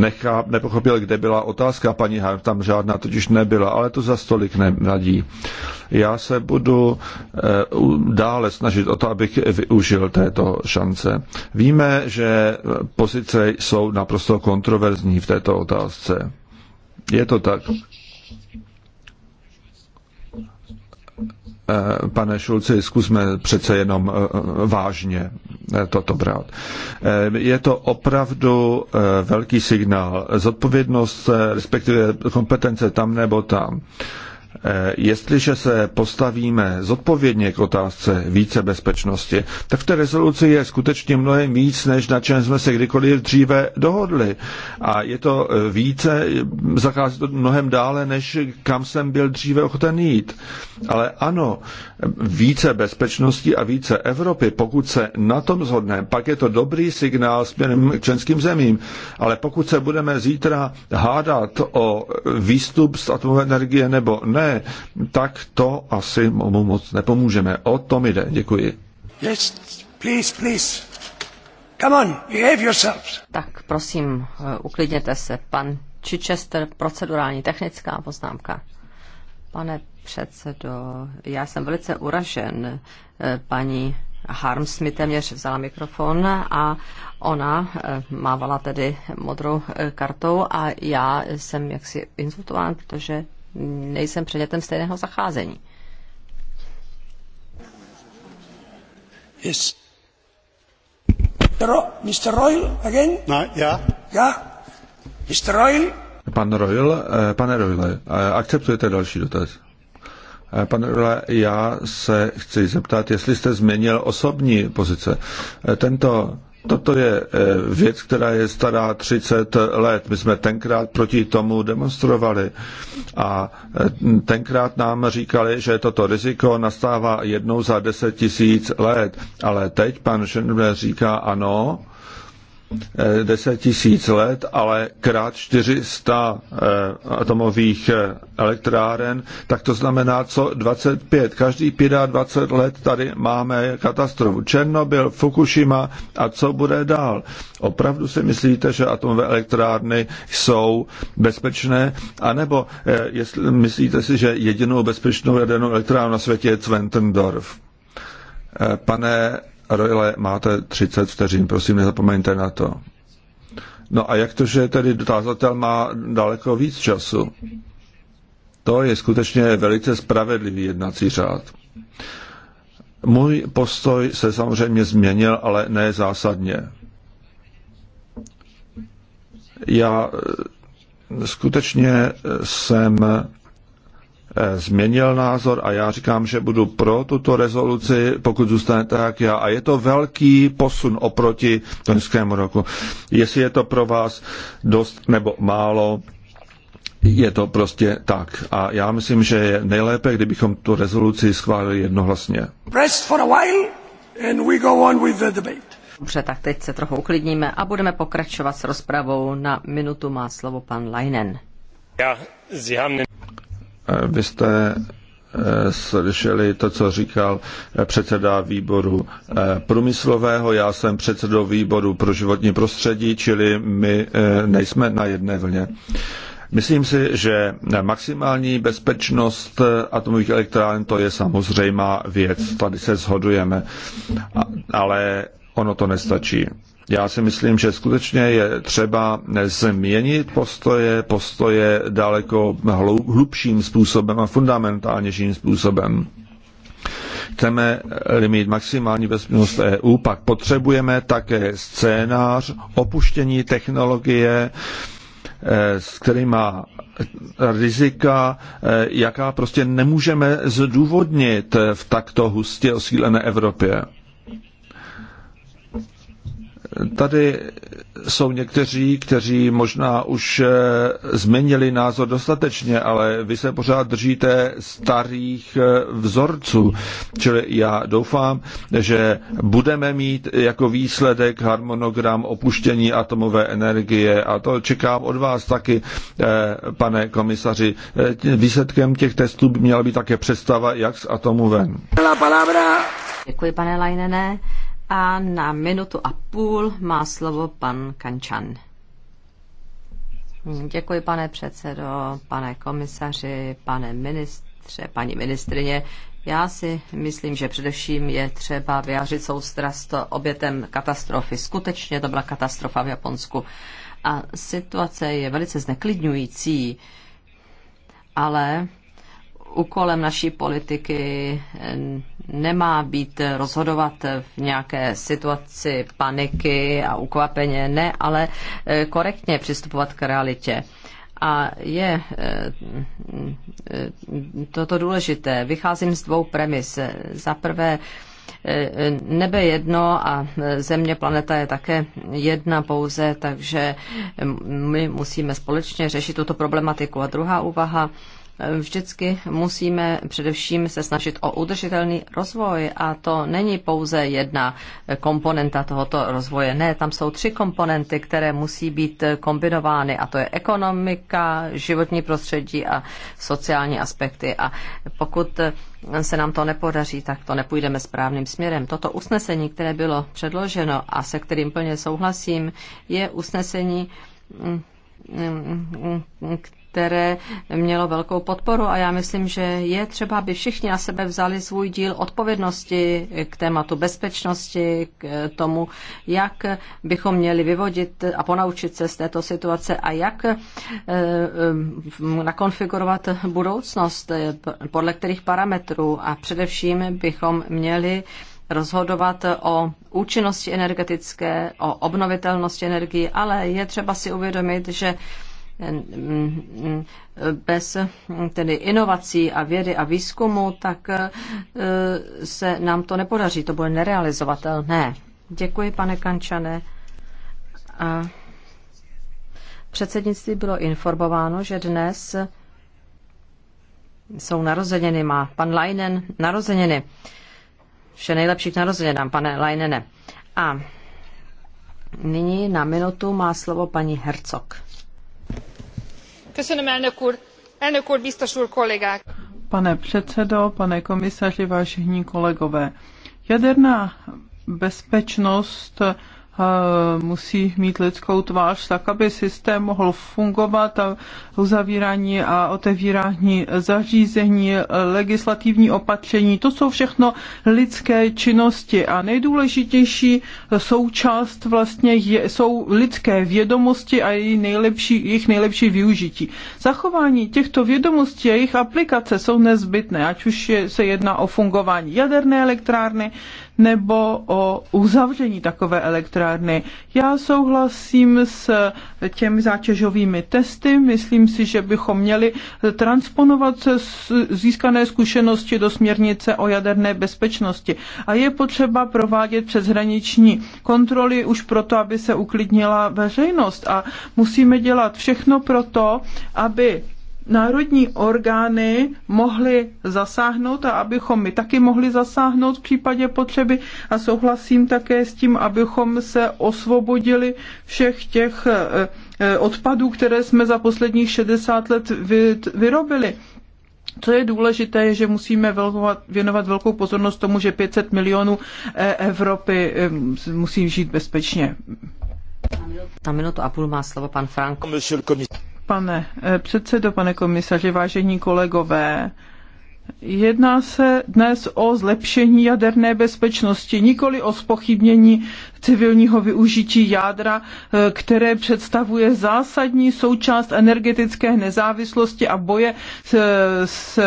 S3: nechá, nepochopil, kde byla otázka paní Harm, tam žádná totiž nebyla, ale to za stolik nevadí. Já se budu eh, dále snažit o to, abych využil této šance. Víme, že pozice jsou naprosto kontroverzní v této otázce. Je to tak? Eh, pane Šulci, zkusme přece jenom eh, vážně eh, toto brát. Je to opravdu velký signál. Zodpovědnost, respektive kompetence tam nebo tam. Eh, jestliže se postavíme zodpovědně k otázce více bezpečnosti, tak v té rezoluci je skutečně mnohem víc, než na čem jsme se kdykoliv dříve dohodli. A je to eh, více, zachází to mnohem dále, než kam jsem byl dříve ochoten jít. Ale ano, více bezpečnosti a více Evropy, pokud se na tom zhodneme, pak je to dobrý signál směrem k členským zemím. Ale pokud se budeme zítra hádat o eh, výstup z atomové energie nebo ne, tak to asi mu moc nepomůžeme. O tom jde. Děkuji.
S1: Yes, please, please. Come on, behave yourselves. Tak prosím, eh, uklidněte se. Pan Chichester, procedurální technická poznámka. Pane předsedo, já jsem velice uražen. Eh, paní Harms mi téměř vzala mikrofon a ona eh, mávala tedy modrou kartou a já jsem jaksi insultován, protože nejsem předmětem stejného zacházení. Yes.
S5: Mr. Royal, again? No, yeah. Yeah. Mr. Royal?
S3: Pan Royal, eh, pane Royle, eh, akceptujete další dotaz? Eh, pane Rule, já se chci zeptat, jestli jste změnil osobní pozice. Tento Toto je eh, věc, která je stará 30 let. My jsme tenkrát proti tomu demonstrovali a eh, tenkrát nám říkali, že toto riziko nastává jednou za 10 tisíc let. Ale teď pan Schindler říká ano, 10 eh, tisíc let, ale krát 400 eh, atomových eh, elektráren, tak to znamená co 25. Každý 25 let tady máme katastrofu. Černobyl, Fukushima a co bude dál? Opravdu si myslíte, že atomové elektrárny jsou bezpečné? A nebo jestli, myslíte si, že jedinou bezpečnou jadernou elektrárnu na světě je Zwentendorf? Pane Royle, máte 30 vteřin, prosím, nezapomeňte na to. No a jak to, že tedy dotázatel má daleko víc času? To je skutečně velice spravedlivý jednací řád. Můj postoj se samozřejmě změnil, ale ne zásadně. Já eh, skutečně jsem Eh, změnil názor a já říkám, že budu pro tuto rezoluci, pokud zůstane tak já. A je to velký posun oproti loňskému roku. Jestli je to pro vás dost nebo málo, je to prostě tak. A já myslím, že je nejlépe, kdybychom tu rezoluci schválili jednohlasně.
S1: Dobře, tak teď se trochu uklidníme a budeme pokračovat s rozpravou. Na minutu má slovo pan Leinen.
S4: Já
S3: vy jste eh, slyšeli to, co říkal eh, předseda výboru eh, průmyslového. Já jsem předsedou výboru pro životní prostředí, čili my nejsme na jedné vlně. Myslím si, že maximální bezpečnost atomových elektráren to je samozřejmá věc, tady se shodujeme, ale ono to nestačí. Já si myslím, že skutečně je třeba změnit postoje, postoje daleko hlubším způsobem a fundamentálnějším způsobem. Chceme mít maximální bezpečnost EU, pak potřebujeme také scénář opuštění technologie, eh, s který má rizika, eh, jaká prostě nemůžeme zdůvodnit v takto hustě osídlené Evropě. Tady jsou někteří, kteří možná už eh, změnili názor dostatečně, ale vy se pořád držíte starých eh, vzorců. Čili já doufám, že budeme mít jako výsledek harmonogram opuštění atomové energie a to čekám od vás taky, eh, pane komisaři. Výsledkem těch testů by měla být také představa, jak z atomu ven.
S1: Děkuji, pane Lajnené. A na minutu a půl má slovo pan Kančan. Hm, děkuji, pane předsedo, pane komisaři, pane ministře, paní ministrině. Já si myslím, že především je třeba vyjářit soustrast obětem katastrofy. Skutečně to byla katastrofa v Japonsku. A situace je velice zneklidňující, ale úkolem naší politiky nemá být rozhodovat v nějaké situaci paniky a ukvapeně, ne, ale eh, korektně přistupovat k realitě. A je eh, eh, toto důležité. Vycházím z dvou premis. Za prvé, nebe jedno a země, planeta je také jedna pouze, takže my musíme společně řešit tuto problematiku. A druhá úvaha, vždycky musíme především se snažit o udržitelný rozvoj a to není pouze jedna komponenta tohoto rozvoje. Ne, tam jsou tři komponenty, které musí být kombinovány a to je ekonomika, životní prostředí a sociální aspekty a pokud se nám to nepodaří, tak to nepůjdeme správným směrem. Toto usnesení, které bylo předloženo a se kterým plně souhlasím, je usnesení které mělo velkou podporu a já myslím, že je třeba, aby všichni na sebe vzali svůj díl odpovědnosti k tématu bezpečnosti, k tomu, jak bychom měli vyvodit a ponaučit se z této situace a jak eh, eh, nakonfigurovat budoucnost, eh, podle kterých parametrů a především bychom měli rozhodovat o účinnosti energetické, o obnovitelnosti energii, ale je třeba si uvědomit, že mm, mm, bez mm, tedy inovací a vědy a výzkumu, tak e, se nám to nepodaří, to bude nerealizovatelné. Děkuji, pane Kančane. A předsednictví bylo informováno, že dnes jsou narozeniny, má pan Leinen narozeniny. Vše nejlepší k narozeninám, pane Lajnene. A nyní na minutu má slovo paní Hercog.
S3: Köszönöm, elnök úr. Elnök úr, biztos úr, kollégák.
S1: Pane předsedo,
S2: pane komisaři, vážení kolegové. Jaderná bezpečnost musí mít lidskou tvář, tak aby systém mohl fungovat a uzavírání a otevírání zařízení, legislativní opatření, to jsou všechno lidské činnosti a nejdůležitější součást vlastně je, jsou lidské vědomosti a jejich nejlepší, jejich nejlepší využití. Zachování těchto vědomostí a jejich aplikace jsou nezbytné, ať už se jedná o fungování jaderné elektrárny, nebo o uzavření takové elektrárny. Já souhlasím s těmi zátěžovými testy. Myslím si, že bychom měli transponovat získané zkušenosti do směrnice o jaderné bezpečnosti. A je potřeba provádět přeshraniční kontroly už proto, aby se uklidnila veřejnost. A musíme dělat všechno proto, aby národní orgány mohly zasáhnout a abychom my taky mohli zasáhnout v případě potřeby a souhlasím také s tím, abychom se osvobodili všech těch eh, eh, odpadů, které jsme za posledních 60 let vyrobili. Co je důležité, je, že musíme věnovat velkou pozornost tomu, že 500 milionů eh, Evropy musí žít bezpečně.
S1: Na minutu a půl má slovo pan Frank
S2: pane eh, předsedo, pane komisaři, vážení kolegové. Jedná se dnes o zlepšení jaderné bezpečnosti, nikoli o spochybnění civilního využití jádra, eh, které představuje zásadní součást energetické nezávislosti a boje s, s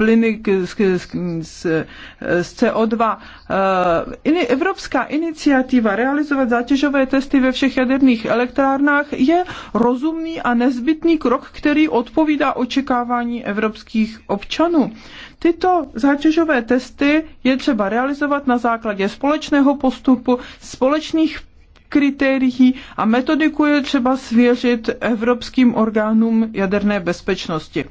S2: plyny z, CO2. Eh, evropská iniciativa realizovat zátěžové testy ve všech jaderných elektrárnách je rozumný a nezbytný krok, který odpovídá očekávání evropských občanů. Tyto zátěžové testy je třeba realizovat na základě společného postupu, společných kritérií a metodiku je třeba svěřit evropským orgánům jaderné bezpečnosti.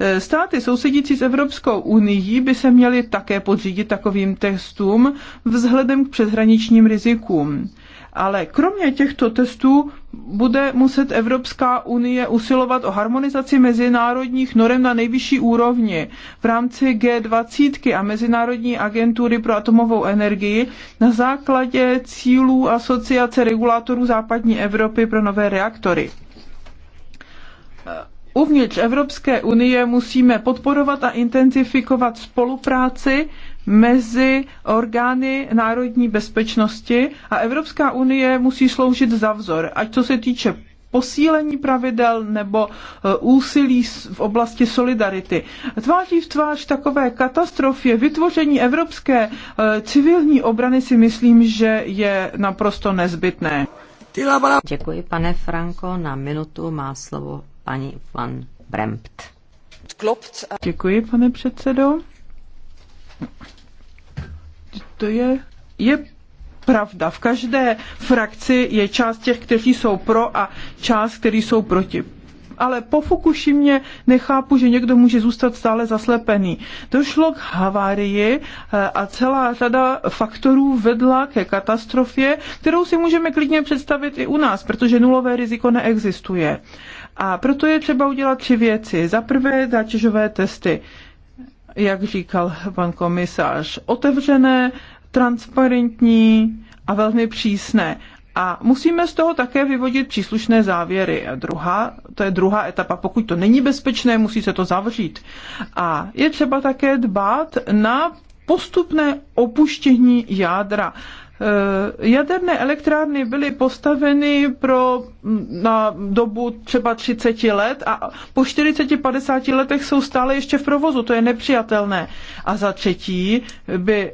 S2: E, státy sousedící s Evropskou unii by se měly také podřídit takovým testům vzhledem k přeshraničním rizikům. Ale kromě těchto testů bude muset Evropská unie usilovat o harmonizaci mezinárodních norem na nejvyšší úrovni. V rámci G20 a Mezinárodní agentury pro atomovou energii na základě cílů Asociace regulátorů západní Evropy pro nové reaktory. Uvnitř Evropské unie musíme podporovat a intenzifikovat spolupráci mezi orgány národní bezpečnosti a Evropská unie musí sloužit za vzor, ať co se týče posílení pravidel nebo eh, úsilí v oblasti solidarity. Tváří v tvář takové katastrofě vytvoření evropské eh, civilní obrany si myslím, že
S1: je naprosto nezbytné. Děkuji, pane Franko. Na minutu má slovo paní Van Brempt. Děkuji, pane předsedo to je, je pravda.
S2: V každé frakci je část těch, kteří jsou pro a část, kteří jsou proti. Ale po mě nechápu, že někdo může zůstat stále zaslepený. Došlo k havárii eh, a celá řada faktorů vedla ke katastrofě, kterou si můžeme klidně představit i u nás, protože nulové riziko neexistuje. A proto je třeba udělat tři věci. Za prvé zátěžové testy jak říkal pan komisář, otevřené, transparentní a velmi přísné. A musíme z toho také vyvodit příslušné závěry. A druhá, to je druhá etapa. Pokud to není bezpečné, musí se to zavřít. A je třeba také dbát na postupné opuštění jádra. Eh, jaderné elektrárny byly postaveny pro mm, na dobu třeba 30 let a po 40-50 letech jsou stále ještě v provozu. To je nepřijatelné. A za třetí by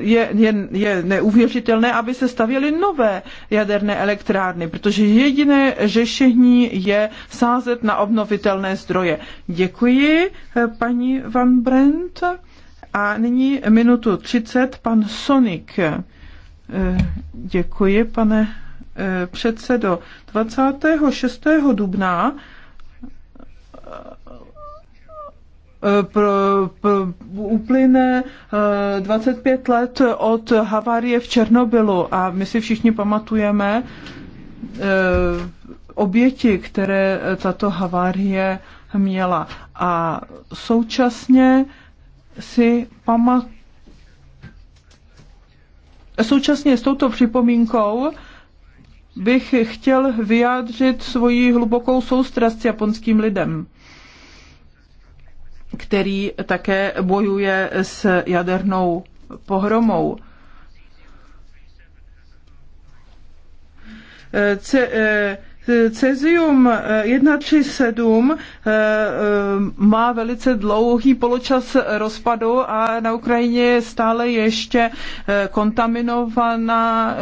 S2: je, je, je neuvěřitelné, aby se stavěly nové jaderné elektrárny, protože jediné řešení je sázet na obnovitelné zdroje. Děkuji, eh, paní Van Brent. A nyní minutu 30, pan Sonik. Eh, děkuji, pane eh, předsedo. 26. dubna eh, pro, pro, uplyne 25 let od havárie v Černobylu a my si všichni pamatujeme oběti, které tato havárie měla. A současně si pamatujeme, Současně s touto připomínkou bych chtěl vyjádřit svoji hlubokou soustrast s japonským lidem, který také bojuje s jadernou pohromou. C, eh, Cezium 137 eh, eh, eh, má velice dlouhý poločas rozpadu a na Ukrajině je stále ještě kontaminovaná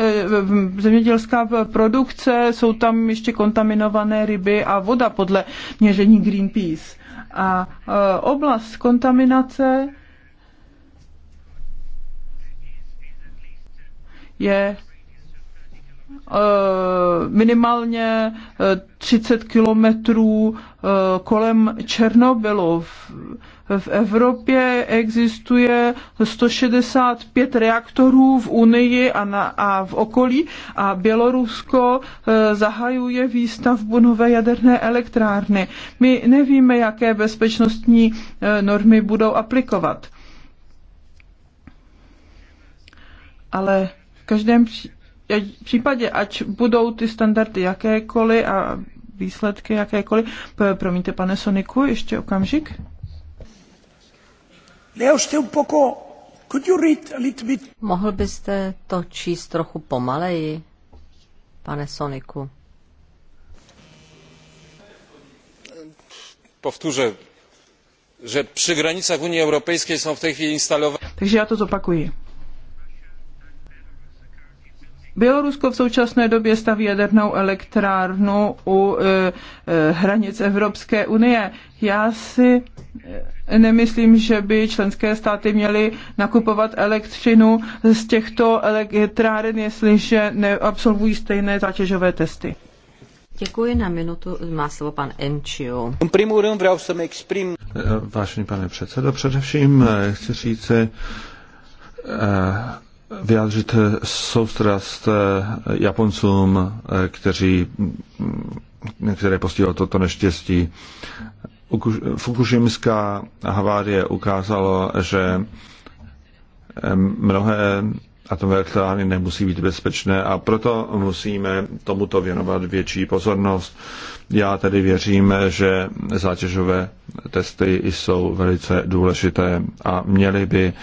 S2: zemědělská produkce, jsou tam ještě kontaminované ryby a voda podle měření Greenpeace. A oblast kontaminace je Eh, minimálně 30 eh, kilometrů eh, kolem Černobylu. V Evropě existuje 165 reaktorů v Unii a, na, a v okolí a Bělorusko zahajuje výstavbu nové jaderné elektrárny. My nevíme, jaké bezpečnostní normy budou aplikovat. Ale v každém případě v případě, ať budou ty standardy jakékoliv a výsledky jakékoliv, promiňte pane Soniku, ještě okamžik.
S1: Mohl byste to číst trochu pomaleji, pane Soniku?
S5: Powtórzę, že při granicách Unii evropské jsou v té chvíli instalované.
S2: Takže já to zopakuji. Bělorusko v současné době staví jadernou elektrárnu u e, e, hranic Evropské unie. Já si e, nemyslím, že by členské státy měly nakupovat elektřinu z těchto elektráren, jestliže
S1: neabsolvují
S2: stejné zátěžové testy.
S1: Děkuji na minutu. Má slovo pan Enčiu.
S3: Vážený pane předsedo, především chci říct, vyjádřit soustrast eh, Japoncům, eh, kteří, mm, které postihlo toto neštěstí. Fukushimská havárie ukázalo, že eh, mnohé atomové elektrárny nemusí být bezpečné a proto musíme tomuto věnovat větší pozornost. Já tedy věřím, že zátěžové testy jsou velice důležité a měly by uh,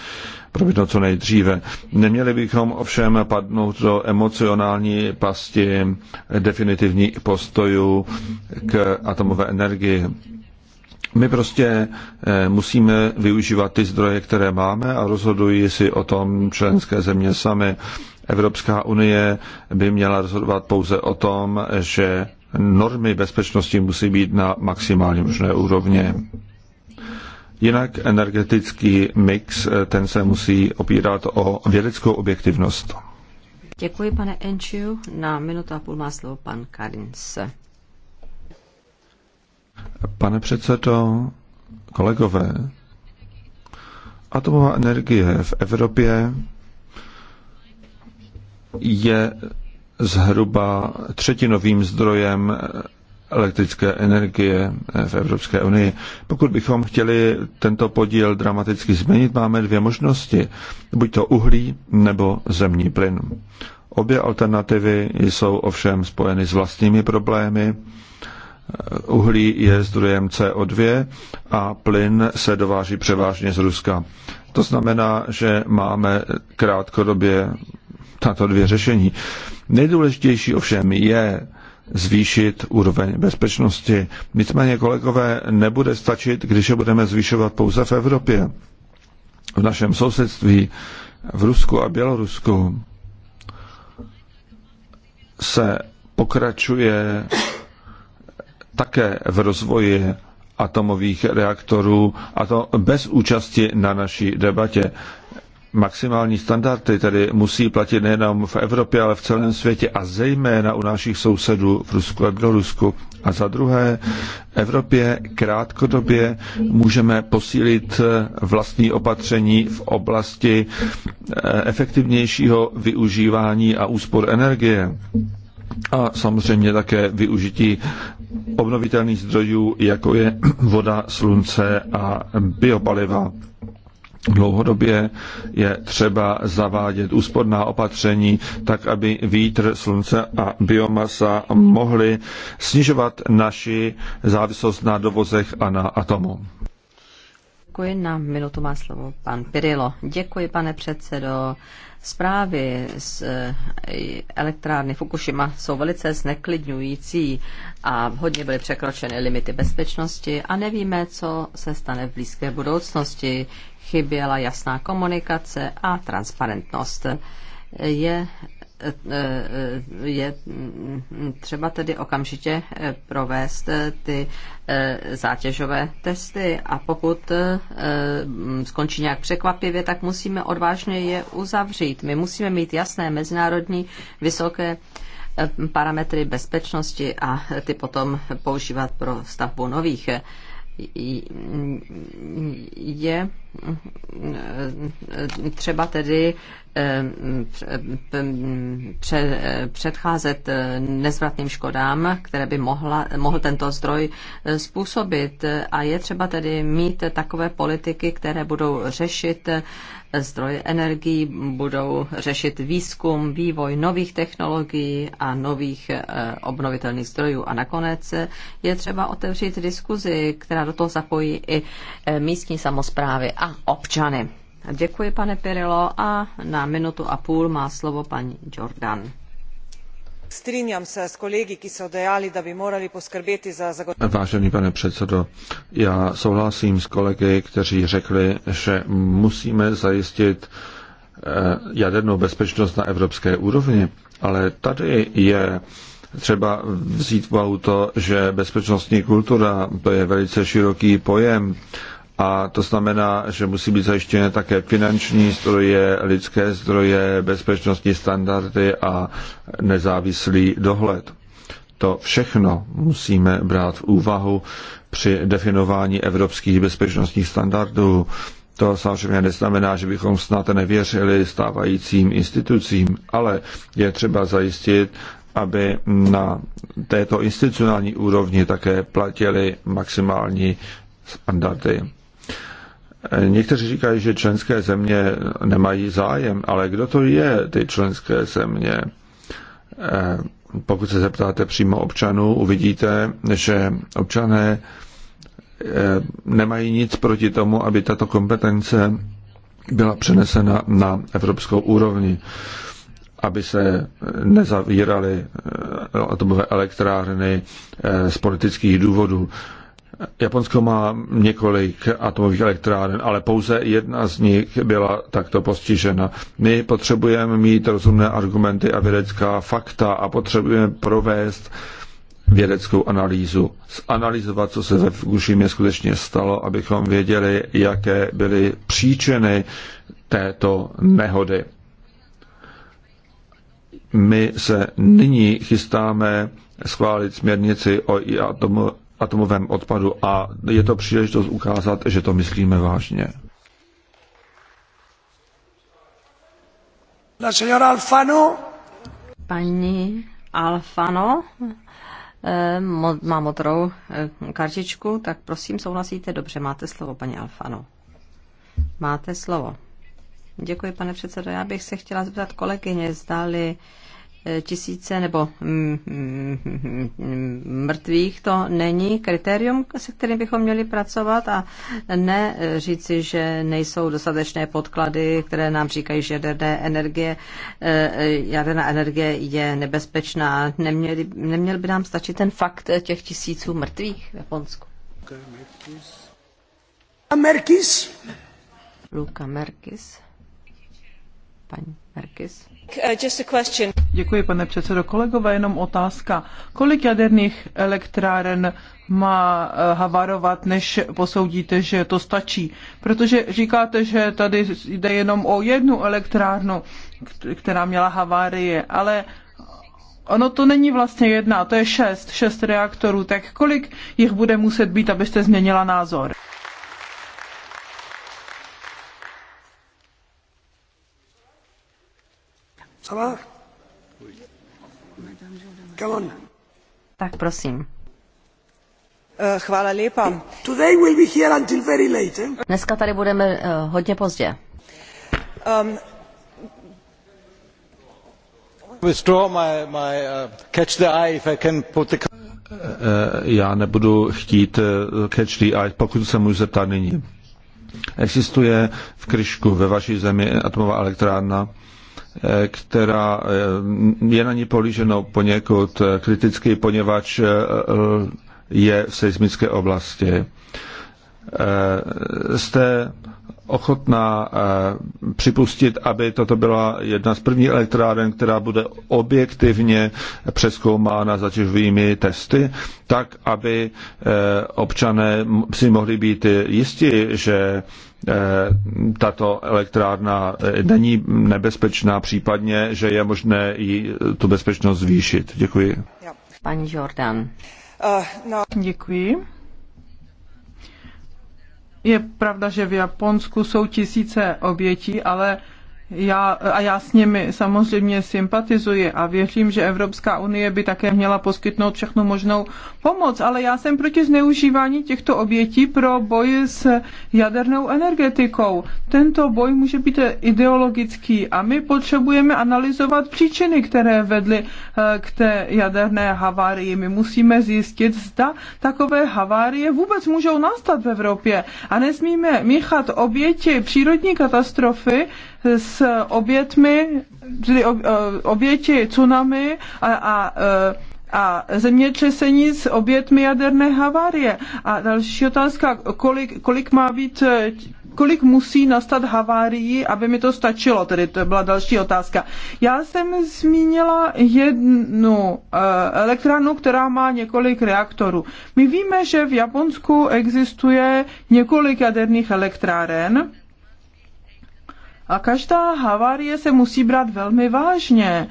S3: proběhnout co nejdříve. Neměli bychom ovšem padnout do emocionální pasti definitivní postojů k atomové energii. My prostě eh, musíme využívat ty zdroje, které máme a rozhodují si o tom členské země sami. Evropská unie by měla rozhodovat pouze o tom, že normy bezpečnosti musí být na maximálně možné úrovně. Jinak energetický mix, eh, ten se musí opírat o vědeckou objektivnost.
S1: Děkuji, pane Enčiu. Na minutu a půl má slovo pan Karins.
S3: Pane předsedo, kolegové, atomová energie v Evropě je zhruba třetinovým zdrojem eh, elektrické energie eh, v Evropské unii. Pokud bychom chtěli tento podíl dramaticky změnit, máme dvě možnosti. Buď to uhlí nebo zemní plyn. Obě alternativy jsou ovšem spojeny s vlastními problémy. Eh, uhlí je zdrojem CO2 a plyn se dováží převážně z Ruska. To znamená, že máme krátkodobě tato dvě řešení. Nejdůležitější ovšem je zvýšit úroveň bezpečnosti. Nicméně, kolegové, nebude stačit, když je budeme zvyšovat pouze v Evropě. V našem sousedství, v Rusku a Bělorusku se pokračuje také v rozvoji atomových reaktorů, a to bez účasti na naší debatě maximální standardy tedy musí platit nejenom v Evropě, ale v celém světě a zejména u našich sousedů v Rusku a Bělorusku. A za druhé, Evropě krátkodobě můžeme posílit eh, vlastní opatření v oblasti eh, efektivnějšího využívání a úspor energie a samozřejmě také využití obnovitelných zdrojů, jako je voda, slunce a biopaliva. Dlouhodobě je třeba zavádět úsporná opatření, tak aby vítr, slunce a biomasa mohly snižovat naši závislost na dovozech a na atomu.
S1: Děkuji. Na minutu má slovo pan Pirilo. Děkuji, pane předsedo. Zprávy z eh, elektrárny Fukushima jsou velice zneklidňující a hodně byly překročeny limity bezpečnosti a nevíme, co se stane v blízké budoucnosti chyběla jasná komunikace a transparentnost. Je je třeba tedy okamžitě provést ty eh, zátěžové testy a pokud eh, skončí nějak překvapivě, tak musíme odvážně je uzavřít. My musíme mít jasné mezinárodní vysoké eh, parametry bezpečnosti a ty potom používat pro stavbu nových. Je třeba tedy eh, předcházet eh, nezvratným škodám, které by mohla, mohl tento zdroj eh, způsobit. A je třeba tedy mít takové politiky, které budou řešit zdroje energií, budou řešit výzkum, vývoj nových technologií a nových obnovitelných zdrojů. A nakonec je třeba otevřít diskuzi, která do toho zapojí i místní samozprávy a občany. Děkuji, pane Pirilo, a na minutu a půl má slovo paní Jordan.
S2: Strinjam se s kolegy, kteří se odejali, aby morali za Vážený
S3: pane předsedo, já souhlasím s kolegy, kteří řekli, že musíme zajistit eh, jadernou bezpečnost na evropské úrovni, ale tady je třeba vzít v auto, že bezpečnostní kultura, to je velice široký pojem a to znamená, že musí být zajištěné také finanční zdroje, lidské zdroje, bezpečnostní standardy a nezávislý dohled. To všechno musíme brát v úvahu při definování evropských bezpečnostních standardů. To samozřejmě neznamená, že bychom snad nevěřili stávajícím institucím, ale je třeba zajistit, aby na této institucionální úrovni také platili maximální standardy. Někteří říkají, že členské země nemají zájem, ale kdo to je, ty členské země? Eh, pokud se zeptáte přímo občanů, uvidíte, že občané eh, nemají nic proti tomu, aby tato kompetence byla přenesena na evropskou úrovni, aby se nezavíraly eh, atomové elektrárny z politických důvodů. Japonsko má několik atomových elektráren, ale pouze jedna z nich byla takto postižena. My potřebujeme mít rozumné argumenty a vědecká fakta a potřebujeme provést vědeckou analýzu. Zanalizovat, co se ve Fukushimě skutečně stalo, abychom věděli, jaké byly příčiny této nehody. My se nyní chystáme schválit směrnici o atomu atomovém odpadu a je to příležitost ukázat, že to myslíme vážně.
S1: La señora Alfano. Paní Alfano eh, má modrou eh, kartičku, tak prosím, souhlasíte? Dobře, máte slovo, paní Alfano. Máte slovo. Děkuji, pane předsedo. Já bych se chtěla zeptat kolegyně, zdali tisíce nebo mm, mm, mm, mrtvých, to není kritérium, se kterým bychom měli pracovat a ne eh, říci, že nejsou dostatečné podklady, které nám říkají, že jaderné energie, eh, eh, jaderná energie je nebezpečná. Neměli, neměl by nám stačit ten fakt těch tisíců mrtvých v Japonsku. Merkis. Luka Merkis. Paní Merkis. Uh, Děkuji,
S2: pane předsedo. Kolegové, jenom otázka. Kolik jaderných elektráren má eh, havarovat, než posoudíte, že to stačí? Protože říkáte, že tady jde jenom o jednu elektrárnu, která měla havárie, ale ono to není vlastně jedna, to je šest, šest reaktorů, tak kolik jich bude muset být, abyste změnila názor?
S1: Ça va? Come on. Tak prosím.
S2: Eh, chvála lepa. Today we'll be here until very late, eh?
S1: Dneska tady budeme uh, hodně pozdě.
S2: Um,
S5: withdraw my, my uh, catch the eye if I can put the...
S3: Eh, já nebudu chtít catch the eye, pokud se můžu zeptat nyní. Existuje v Kryšku ve vaší zemi atomová elektrárna, Eh, která eh, je na ní políženo poněkud eh, kriticky, poněvadž je v seismické oblasti. Jste ochotná připustit, aby toto byla jedna z prvních elektráren, která bude objektivně přeskoumána zatěžovými testy, tak aby občané si mohli být jistí, že Eh, tato elektrárna eh, není nebezpečná, případně, že je možné i eh, tu bezpečnost zvýšit. Děkuji.
S1: Paní Jordan. No. Děkuji.
S2: Je pravda, že v Japonsku jsou tisíce obětí, ale já, a já s nimi samozřejmě sympatizuji a věřím, že Evropská unie by také měla poskytnout všechno možnou pomoc, ale já jsem proti zneužívání těchto obětí pro boj s jadernou energetikou. Tento boj může být ideologický a my potřebujeme analyzovat příčiny, které vedly eh, k té jaderné havárii. My musíme zjistit, zda takové havárie vůbec můžou nastat v Evropě a nesmíme míchat oběti přírodní katastrofy s s obětmi, tedy eh, oběti tsunami a, a eh, a zemětřesení s obětmi jaderné havárie. A další otázka, kolik, kolik má být kolik musí nastat havárií, aby mi to stačilo, tedy to byla další otázka. Já jsem zmínila jednu eh, elektrárnu, která má několik reaktorů. My víme, že v Japonsku existuje několik jaderných elektráren, a každá havárie se musí brát velmi vážně.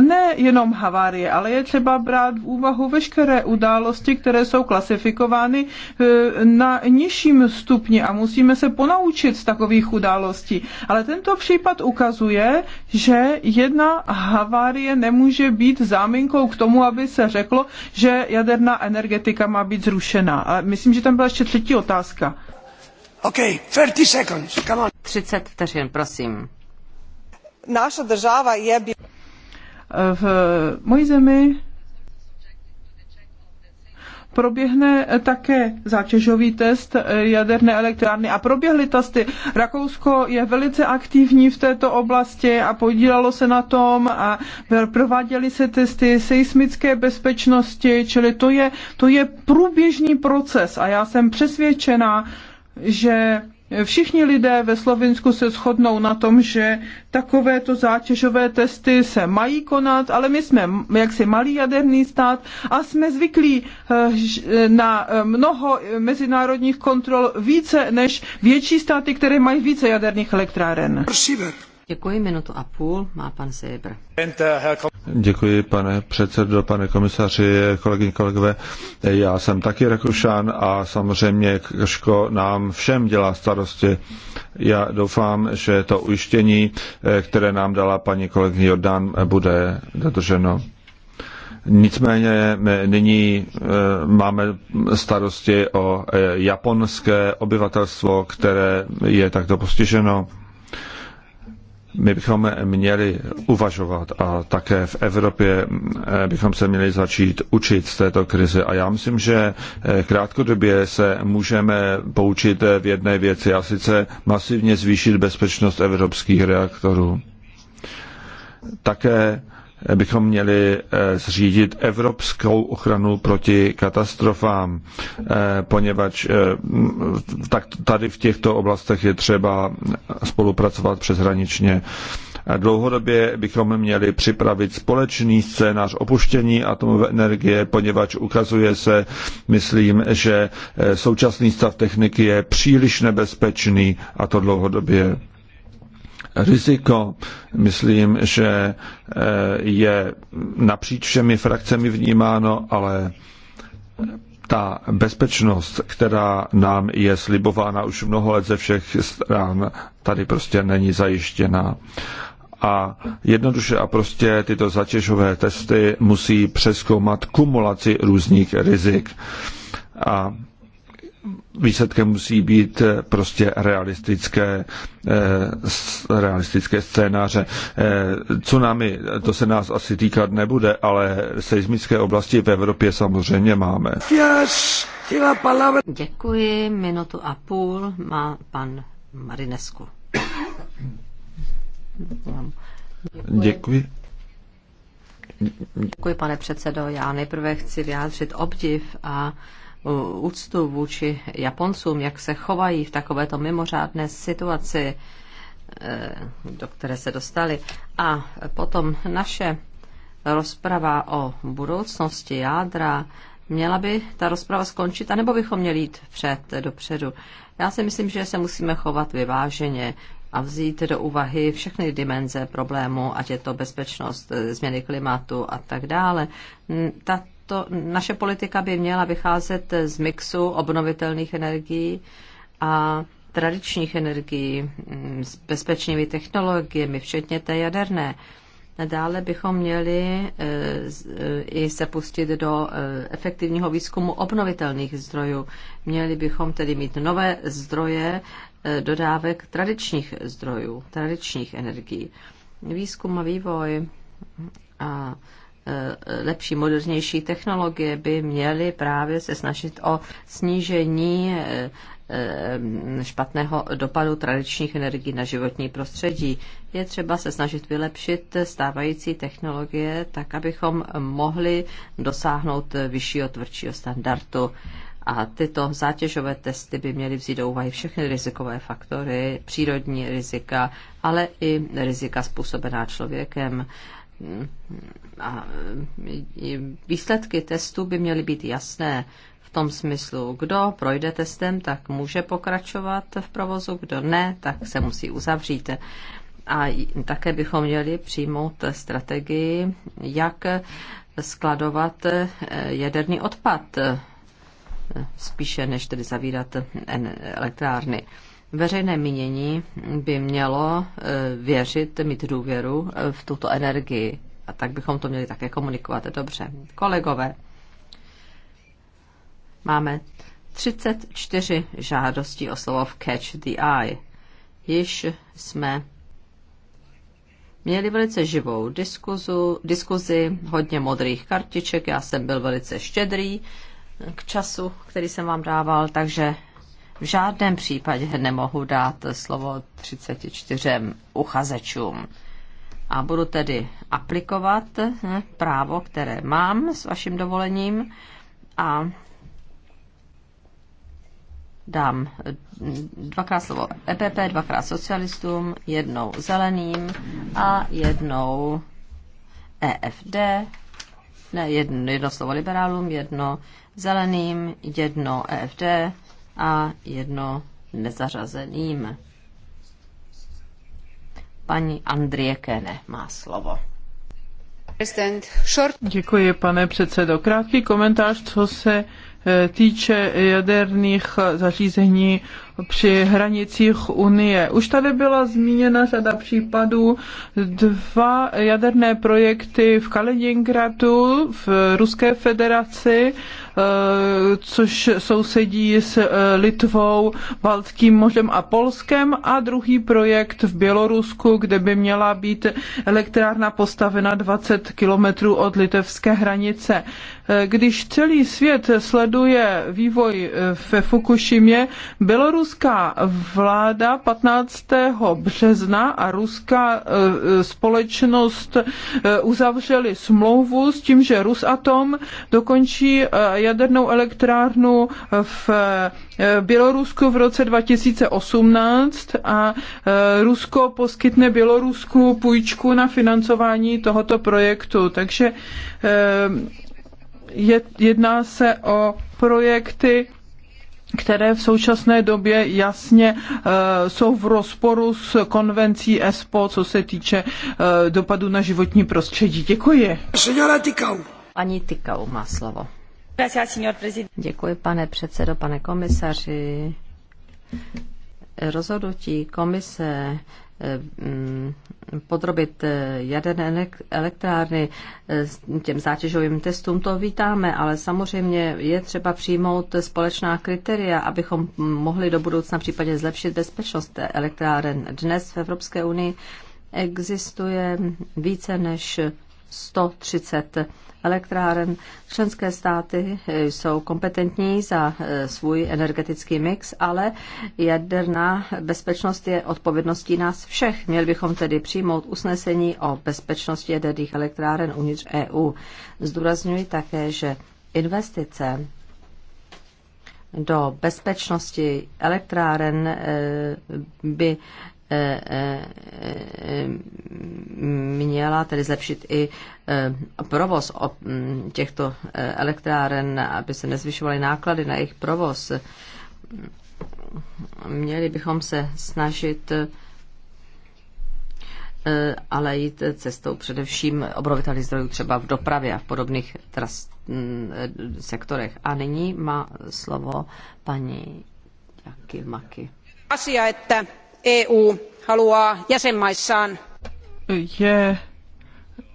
S2: Ne jenom havárie, ale je třeba brát v úvahu veškeré události, které jsou klasifikovány e, na nižším stupni a musíme se ponaučit z takových událostí. Ale tento případ ukazuje, že jedna havárie nemůže být záminkou k tomu, aby se řeklo, že jaderná energetika má být zrušena. A myslím, že tam byla ještě třetí otázka.
S1: Ok, 30 seconds, come on. 30
S2: vteřin, prosím. Naša država je... V mojí zemi proběhne také zátěžový test jaderné elektrárny a proběhly testy. Rakousko je velice aktivní v této oblasti a podílalo se na tom a prováděly se testy seismické bezpečnosti, čili to je, to je průběžný proces a já jsem přesvědčená, že všichni lidé ve Slovensku se shodnou na tom, že takovéto zátěžové testy se mají konat, ale my jsme jaksi malý jaderný stát a jsme zvyklí eh, na eh, mnoho mezinárodních kontrol více než větší státy, které mají více jaderných
S1: elektráren. Děkuji, minutu a půl má pan Sejbr.
S3: Děkuji, pane předsedo, pane komisaři, kolegyně, kolegové. Já jsem taky Rakušan a samozřejmě Krško nám všem dělá starosti. Já doufám, že to ujištění, které nám dala paní kolegyně Jordan, bude dodrženo. Nicméně nyní eh, máme starosti o eh, japonské obyvatelstvo, které je takto postiženo my bychom měli uvažovat a také v Evropě eh, bychom se měli začít učit z této krize. A já myslím, že eh, krátkodobě se můžeme poučit eh, v jedné věci a sice masivně zvýšit bezpečnost evropských reaktorů. Také bychom měli eh, zřídit evropskou ochranu proti katastrofám, eh, poněvadž eh, tak tady v těchto oblastech je třeba spolupracovat přeshraničně. Dlouhodobě bychom měli připravit společný scénář opuštění atomové energie, poněvadž ukazuje se, myslím, že současný stav techniky je příliš nebezpečný a to dlouhodobě riziko, myslím, že eh, je napříč všemi frakcemi vnímáno, ale ta bezpečnost, která nám je slibována už mnoho let ze všech stran, tady prostě není zajištěna. A jednoduše a prostě tyto zatěžové testy musí přeskoumat kumulaci různých rizik. A výsledkem musí být eh, prostě realistické, eh, realistické scénáře. Tsunami, eh, to se nás asi týkat nebude, ale seismické oblasti v Evropě samozřejmě máme.
S1: Děkuji, minutu a půl má pan Marinesku. Děkuji. Děkuji. Děkuji, pane předsedo. Já nejprve chci vyjádřit obdiv a Uh, úctu vůči Japoncům, jak se chovají v takovéto mimořádné situaci, eh, do které se dostali. A potom naše rozprava o budoucnosti jádra, měla by ta rozprava skončit, anebo bychom měli jít před, dopředu. Já si myslím, že se musíme chovat vyváženě a vzít do úvahy všechny dimenze problému, ať je to bezpečnost, eh, změny klimatu a tak dále. Ta to, naše politika by měla vycházet z mixu obnovitelných energií a tradičních energií mm, s bezpečnými technologiemi, včetně té jaderné. Dále bychom měli e, e, i se pustit do e, efektivního výzkumu obnovitelných zdrojů. Měli bychom tedy mít nové zdroje dodávek tradičních zdrojů, tradičních energií. Výzkum a vývoj a Eh, lepší, modernější technologie by měly právě se snažit o snížení eh, eh, špatného dopadu tradičních energií na životní prostředí. Je třeba se snažit vylepšit stávající technologie tak, abychom mohli dosáhnout vyššího, tvrdšího standardu. A tyto zátěžové testy by měly vzít do úvahy všechny rizikové faktory, přírodní rizika, ale i rizika způsobená člověkem a e, výsledky testů by měly být jasné v tom smyslu, kdo projde testem, tak může pokračovat v provozu, kdo ne, tak se musí uzavřít. A také bychom měli přijmout strategii, jak skladovat e, jaderný odpad, e, spíše než tedy zavírat elektrárny. Veřejné mínění by mělo věřit, mít důvěru v tuto energii, a tak bychom to měli také komunikovat. Dobře, kolegové, máme 34 žádostí o slovo v Catch the Eye. Již jsme měli velice živou diskuzu, diskuzi, hodně modrých kartiček, já jsem byl velice štědrý k času, který jsem vám dával, takže v žádném případě nemohu dát slovo 34 uchazečům a budu tedy aplikovat eh, právo, které mám s vaším dovolením a dám eh, dvakrát slovo EPP, dvakrát socialistům, jednou zeleným a jednou EFD, ne, jedno, jedno slovo liberálům, jedno zeleným, jedno EFD a jedno nezařazeným. Paní Andrie Kene má slovo.
S2: Děkuji, pane předsedo. Krátký komentář, co se e, týče jaderných zařízení při hranicích Unie. Už tady byla zmíněna řada případů. Dva jaderné projekty v Kaliningradu, v Ruské federaci, eh, což sousedí s eh, Litvou, Baltským mořem a Polskem a druhý projekt v Bělorusku, kde by měla být elektrárna postavena 20 kilometrů od litevské hranice. Eh, když celý svět sleduje vývoj ve Fukušimě, Bělorus Běloruská vláda 15. března a ruská e, společnost e, uzavřeli smlouvu s tím, že Rusatom dokončí e, jadernou elektrárnu v Bělorusku v roce 2018 a Rusko poskytne Bělorusku půjčku na financování tohoto projektu. Takže jedná se o projekty které v současné době jasně eh, jsou v rozporu s konvencí ESPO, co se týče eh, dopadu na životní prostředí. Děkuji.
S1: Paní Tykau má slovo. Děkuji, pane předsedo, pane komisaři. Rozhodnutí komise Eh, mm, podrobit eh, jaderné elektrárny eh, těm zátěžovým testům, to vítáme, ale samozřejmě je třeba přijmout společná kritéria, abychom mohli do budoucna případně zlepšit bezpečnost elektráren. Dnes v Evropské unii existuje více než 130 elektráren. Členské státy eh, jsou kompetentní za eh, svůj energetický mix, ale jaderná bezpečnost je odpovědností nás všech. Měli bychom tedy přijmout usnesení o bezpečnosti jaderných elektráren uvnitř EU. Zdůrazňuji také, že investice do bezpečnosti elektráren eh, by Eh, eh, měla tedy zlepšit i eh, provoz hm, těchto elektráren, aby se nezvyšovaly náklady na jejich provoz. Měli bychom se snažit ale jít cestou především obrovitelných zdrojů třeba v dopravě a v podobných tras, hm, sektorech. A nyní má slovo paní Maky. Asia, että eu haluaa jäsenmaissaan
S2: je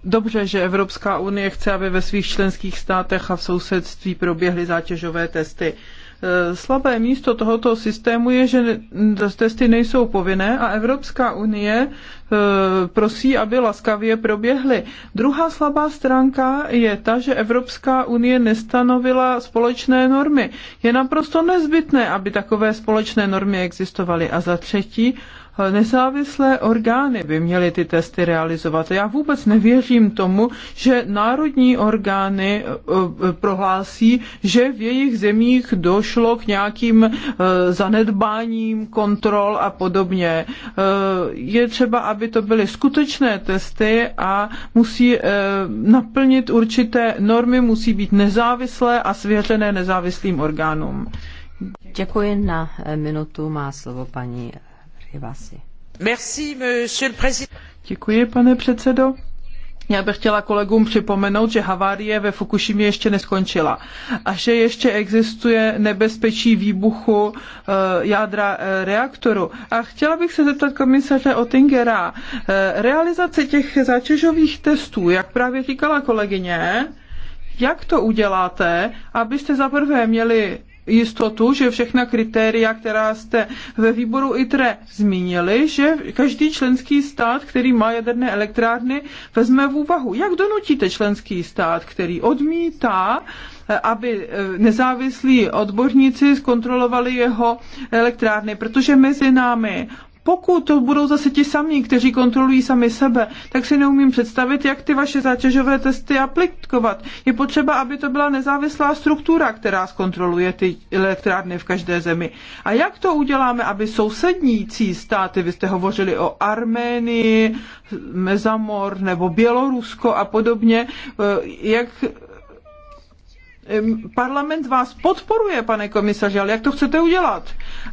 S2: dobře, že Evropská unie chce, aby ve svých členských státech a v sousedství proběhly zátěžové testy. E, slabé místo tohoto systému je, že testy nejsou povinné a Evropská unie E, prosí, aby laskavě proběhly. Druhá slabá stránka je ta, že Evropská unie nestanovila společné normy. Je naprosto nezbytné, aby takové společné normy existovaly. A za třetí, nezávislé orgány by měly ty testy realizovat. Já vůbec nevěřím tomu, že národní orgány e, e, prohlásí, že v jejich zemích došlo k nějakým zanedbáním kontrol a podobně. Je třeba, aby aby to byly skutečné testy a musí eh, naplnit určité normy, musí být nezávislé a svěřené nezávislým orgánům.
S1: Děkuji na eh, minutu. Má slovo paní Rivasi.
S2: Merci, monsieur le président.
S1: Děkuji, pane předsedo. Já bych chtěla kolegům připomenout,
S2: že havárie ve Fukushimě ještě neskončila a že ještě existuje nebezpečí výbuchu eh, jádra eh, reaktoru. A chtěla bych se zeptat komisaře Otingera, eh, realizace těch zátěžových testů, jak právě říkala kolegyně, jak to uděláte, abyste za prvé měli jistotu, že všechna kritéria, která jste ve výboru ITRE zmínili, že každý členský stát, který má jaderné elektrárny, vezme v úvahu. Jak donutíte členský stát, který odmítá eh, aby eh, nezávislí odborníci zkontrolovali jeho elektrárny, protože mezi námi pokud to budou zase ti samí, kteří kontrolují sami sebe, tak si neumím představit, jak ty vaše zátěžové testy aplikovat. Je potřeba, aby to byla nezávislá struktura, která zkontroluje ty elektrárny eh, v každé zemi. A jak to uděláme, aby sousednící státy, vy jste hovořili o Arménii, Mezamor nebo Bělorusko a podobně, eh, jak parlament vás podporuje, pane komisaři, ale jak to chcete udělat?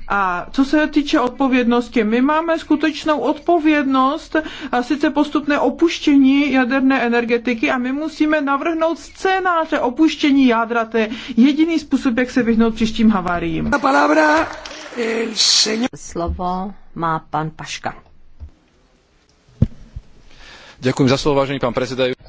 S2: A co se týče odpovědnosti, my máme skutečnou odpovědnost a sice postupné opuštění jaderné energetiky a my musíme navrhnout scénáře opuštění jádra. To je jediný způsob, jak se vyhnout příštím haváriím.
S1: Eh, Slovo má pan Paška.
S2: Děkuji za slovo, vážený pan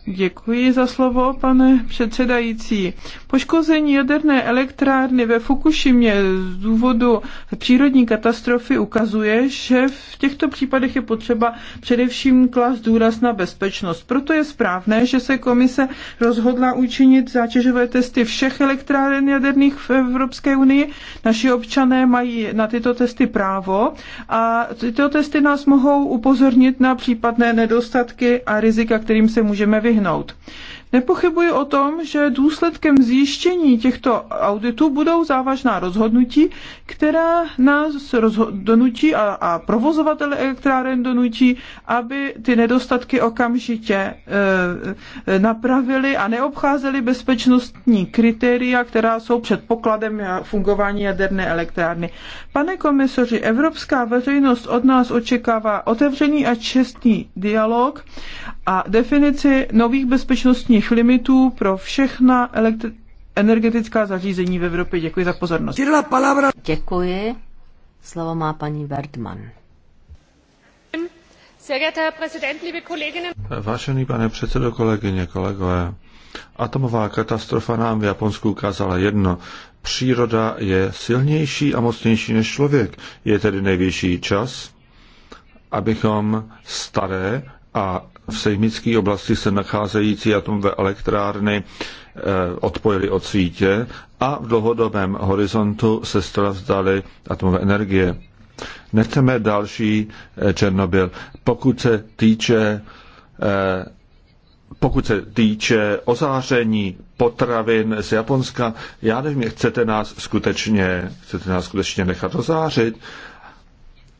S1: Děkuji za slovo,
S2: pane předsedající. Poškození jaderné elektrárny ve Fukušimě z důvodu přírodní katastrofy ukazuje, že v těchto případech je potřeba především klást důraz na bezpečnost. Proto je správné, že se komise rozhodla učinit zátěžové testy všech elektráren jaderných v Evropské unii. Naši občané mají na tyto testy právo a tyto testy nás mohou upozornit na případné nedostatky a rizika, kterým se můžeme vyhnout. Nepochybuji o tom, že důsledkem zjištění těchto auditů budou závažná rozhodnutí, která nás donutí a, a provozovatele elektráren donutí, aby ty nedostatky okamžitě e, e, napravili a neobcházeli bezpečnostní kritéria, která jsou předpokladem fungování jaderné elektrárny. Pane komisaři, evropská veřejnost od nás očekává otevřený a čestný dialog a definici nových bezpečnostních emisních limitů pro všechna elektri- energetická zařízení v Evropě. Děkuji za pozornost.
S1: Děkuji. Slovo má paní Bertman.
S3: Vážený pane předsedo, kolegyně, kolegové, atomová katastrofa nám v Japonsku ukázala jedno. Příroda je silnější a mocnější než člověk. Je tedy nejvyšší čas, abychom staré a v sejmické oblasti se nacházející atomové elektrárny eh, odpojily od sítě a v dlouhodobém horizontu se zcela vzdaly atomové energie. Nechceme další eh, Černobyl. Pokud se týče eh, pokud se týče ozáření potravin z Japonska, já nevím, chcete nás skutečně, chcete nás skutečně nechat ozářit?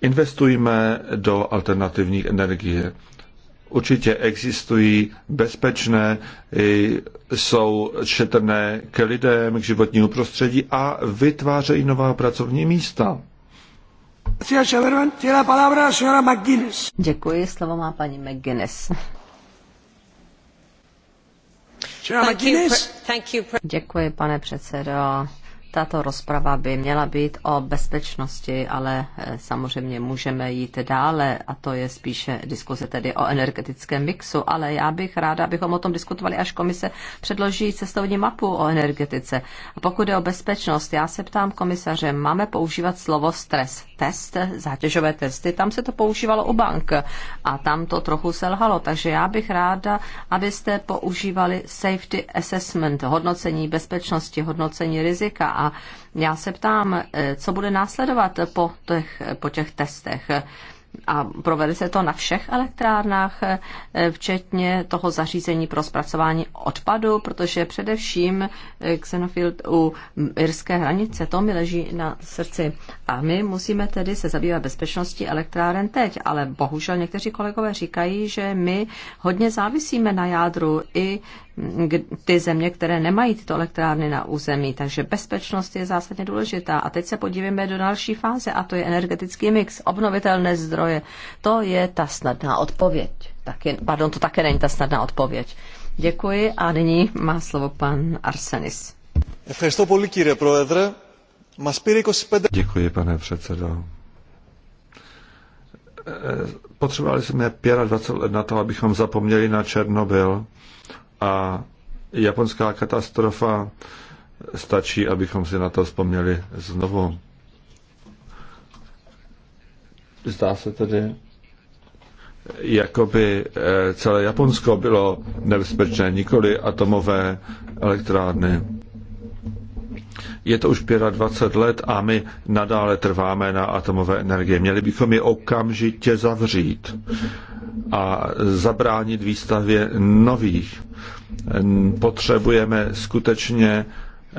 S3: Investujme do alternativních energie určitě existují bezpečné, jsou šetrné k lidem, k životnímu prostředí a vytvářejí nová pracovní místa.
S1: Děkuji, slovo má paní McGuinness. Děkuji, pane předsedo. Tato rozprava by měla být o bezpečnosti, ale eh, samozřejmě můžeme jít dále a to je spíše diskuse tedy o energetickém mixu, ale já bych ráda, abychom o tom diskutovali, až komise předloží cestovní mapu o energetice. A pokud je o bezpečnost, já se ptám komisaře, máme používat slovo stres test, zátěžové testy, tam se to používalo u bank a tam to trochu selhalo, takže já bych ráda, abyste používali safety assessment, hodnocení bezpečnosti, hodnocení rizika a já se ptám, eh, co bude následovat po těch, po těch testech a provede se to na všech elektrárnách, eh, včetně toho zařízení pro zpracování odpadu, protože především eh, Xenofield u irské hranice, to mi leží na srdci. A my musíme tedy se zabývat bezpečností elektráren teď, ale bohužel někteří kolegové říkají, že my hodně závisíme na jádru i ty země, které nemají tyto elektrárny na území. Takže bezpečnost je zásadně důležitá. A teď se podívejme do další fáze, a to je energetický mix, obnovitelné zdroje. To je ta snadná odpověď. je, pardon, to také není ta snadná odpověď. Děkuji a nyní má slovo pan Arsenis.
S3: Děkuji, pane předsedo. Eh, potřebovali jsme 25 let na to, abychom zapomněli na Černobyl a japonská katastrofa stačí, abychom si na to vzpomněli znovu. Zdá se tedy, jakoby eh, celé Japonsko bylo nebezpečné, nikoli atomové elektrárny. Je to už 25 let a my nadále trváme na atomové energie. Měli bychom je okamžitě zavřít a zabránit výstavě nových. Potřebujeme skutečně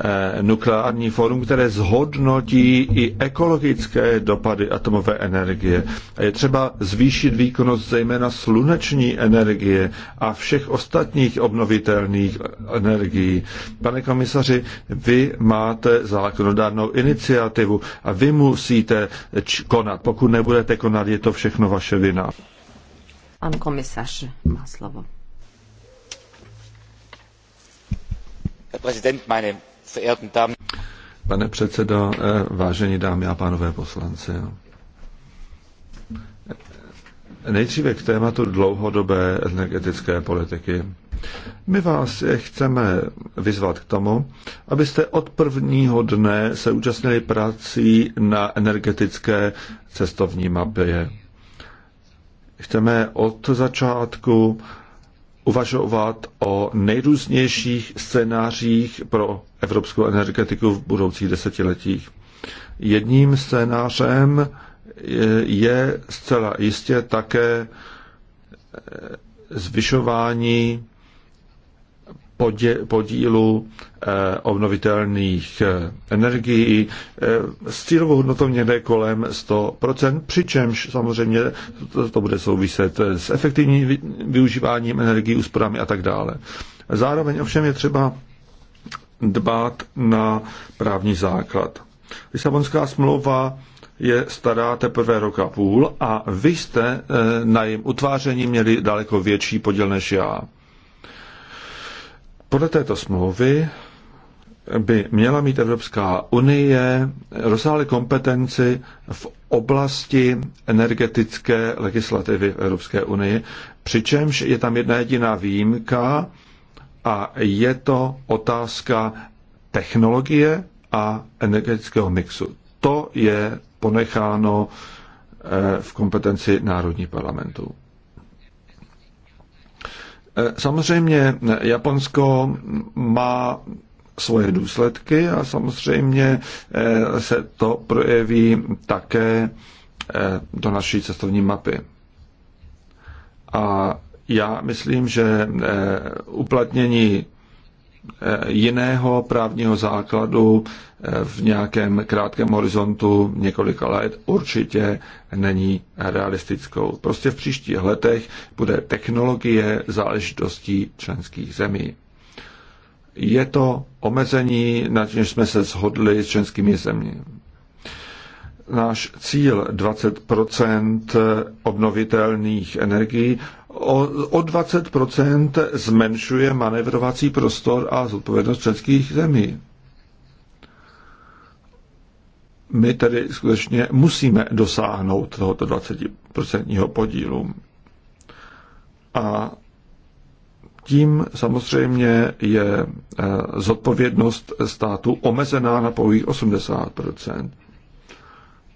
S3: Eh, nukleární fórum, které zhodnotí i ekologické dopady atomové energie. A je třeba zvýšit výkonnost zejména sluneční energie a všech ostatních obnovitelných energií. Pane komisaři, vy máte zákonodárnou iniciativu a vy musíte konat. Pokud nebudete konat, je to všechno vaše vina.
S1: Pan komisař má slovo.
S5: Herr Präsident, meine verehrten Damen.
S3: Pane předsedo, eh, vážení dámy a pánové poslanci. Nejdříve k tématu dlouhodobé energetické politiky. My vás chceme vyzvat k tomu, abyste od prvního dne se účastnili prací na energetické cestovní mapě. Chceme od začátku uvažovat o nejrůznějších scénářích pro evropskou energetiku v budoucích desetiletích. Jedním scénářem e, je zcela jistě také e, zvyšování podílu eh, obnovitelných eh, energií eh, s cílovou hodnotou někde kolem 100%, přičemž samozřejmě to bude souviset s efektivním využíváním energií, úsporami a tak dále. Zároveň ovšem je třeba dbát na právní základ. Lisabonská smlouva je stará teprve roka půl a vy jste na jejím utváření měli daleko větší podíl než já. Podle této smlouvy by měla mít Evropská unie rozsáhlé kompetenci v oblasti energetické legislativy v Evropské unii, přičemž je tam jedna jediná výjimka a je to otázka technologie a energetického mixu. To je ponecháno eh, v kompetenci národních parlamentů. E, samozřejmě e, Japonsko má svoje důsledky a samozřejmě e, se to projeví také do naší cestovní mapy. A já myslím, že uplatnění Eh, jiného právního základu eh, v nějakém krátkém horizontu několika let určitě není realistickou. Prostě v příštích letech bude technologie záležitostí členských zemí. Je to omezení, na čem jsme se shodli s členskými zeměmi. Náš cíl 20 obnovitelných energií o, o 20 zmenšuje manevrovací prostor a zodpovědnost českých zemí. My tedy skutečně musíme dosáhnout tohoto 20% podílu. A tím samozřejmě je eh, zodpovědnost státu omezená na pouhých 80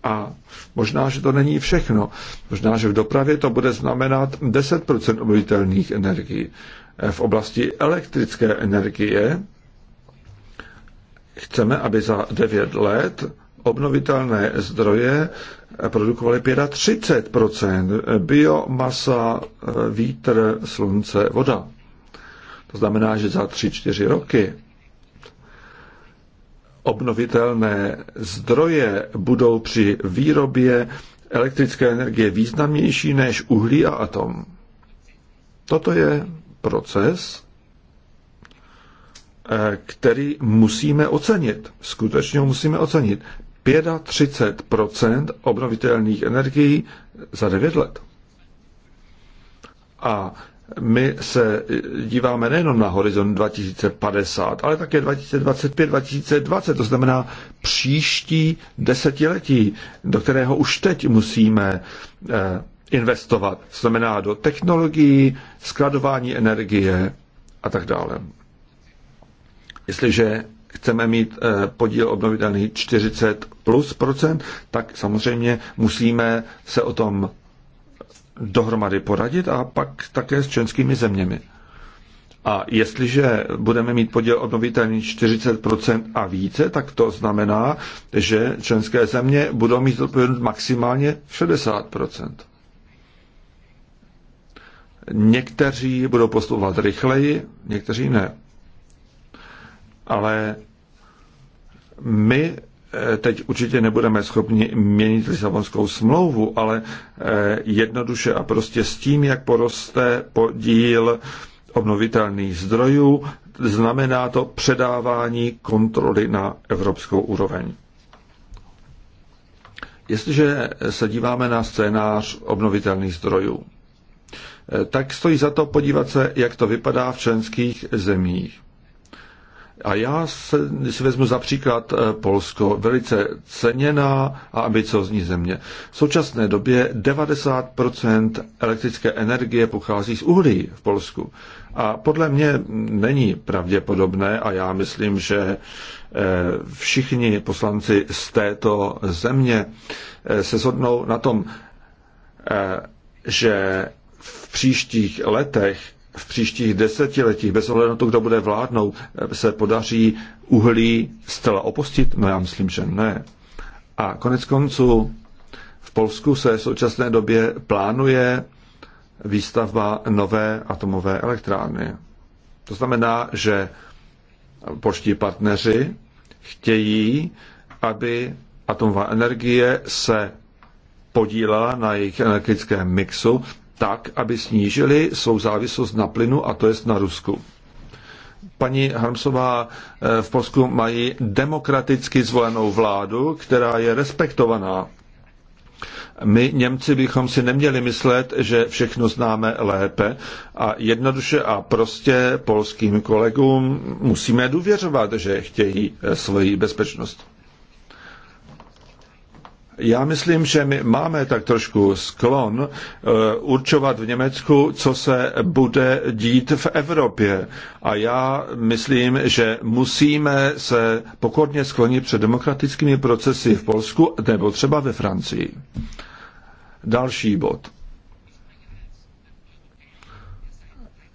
S3: a možná, že to není všechno. Možná, že v dopravě to bude znamenat 10 obnovitelných energií. V oblasti elektrické energie chceme, aby za 9 let obnovitelné zdroje produkovaly 35 biomasa, vítr, slunce, voda. To znamená, že za 3-4 roky Obnovitelné zdroje budou při výrobě elektrické energie významnější než uhlí a atom. Toto je proces, eh, který musíme ocenit. Skutečně ho musíme ocenit. 35 obnovitelných energií za 9 let. A my se díváme nejenom na horizont 2050, ale také 2025, 2020, to znamená příští desetiletí, do kterého už teď musíme eh, investovat. To znamená do technologií, skladování energie a tak dále. Jestliže chceme mít eh, podíl obnovitelných 40 plus procent, tak samozřejmě musíme se o tom dohromady poradit a pak také s členskými zeměmi. A jestliže budeme mít podíl obnovitelný 40% a více, tak to znamená, že členské země budou mít odpovědnost maximálně 60%. Někteří budou postupovat rychleji, někteří ne. Ale my Eh, teď určitě nebudeme schopni měnit Lisabonskou smlouvu, ale eh, jednoduše a prostě s tím, jak poroste podíl obnovitelných zdrojů, znamená to předávání kontroly na evropskou úroveň. Jestliže se díváme na scénář obnovitelných zdrojů, eh, tak stojí za to podívat se, jak to vypadá v členských zemích. A já se, si vezmu za příklad eh, Polsko, velice ceněná a ambiciozní země. V současné době 90% elektrické energie pochází z uhlí v Polsku. A podle mě není pravděpodobné, a já myslím, že eh, všichni poslanci z této země eh, se shodnou na tom, že v příštích letech v příštích desetiletích, bez ohledu na to, kdo bude vládnout, se podaří uhlí zcela opustit? No já myslím, že ne. A konec konců v Polsku se v současné době plánuje výstavba nové atomové elektrárny. To znamená, že polští partneři chtějí, aby atomová energie se podílela na jejich energetickém mixu tak, aby snížili svou závislost na plynu, a to je na Rusku. Paní Harmsová, eh, v Polsku mají demokraticky zvolenou vládu, která je respektovaná. My Němci bychom si neměli myslet, že všechno známe lépe a jednoduše a prostě polským kolegům musíme důvěřovat, že chtějí eh, svoji bezpečnost. Já myslím, že my máme tak trošku sklon eh, určovat v Německu, co se bude dít v Evropě. A já myslím, že musíme se pokorně sklonit před demokratickými procesy v Polsku nebo třeba ve Francii. Další bod.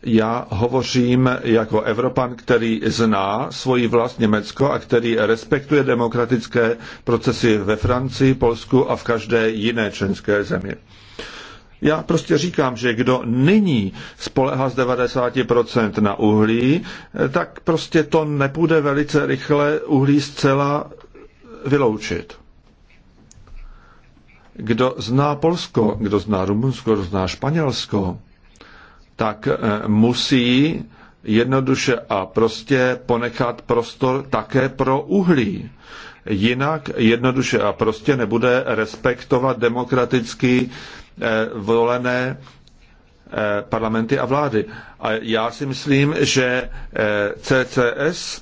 S3: já hovořím jako Evropan, který zná svoji vlast Německo a který respektuje demokratické procesy ve Francii, Polsku a v každé jiné členské zemi. Já prostě říkám, že kdo nyní spolehá z 90% na uhlí, tak prostě to nepůjde velice rychle uhlí zcela vyloučit. Kdo zná Polsko, kdo zná Rumunsko, kdo zná Španělsko, tak eh, musí jednoduše a prostě ponechat prostor také pro uhlí. Jinak jednoduše a prostě nebude respektovat demokraticky eh, volené eh, parlamenty a vlády. A já si myslím, že CCS,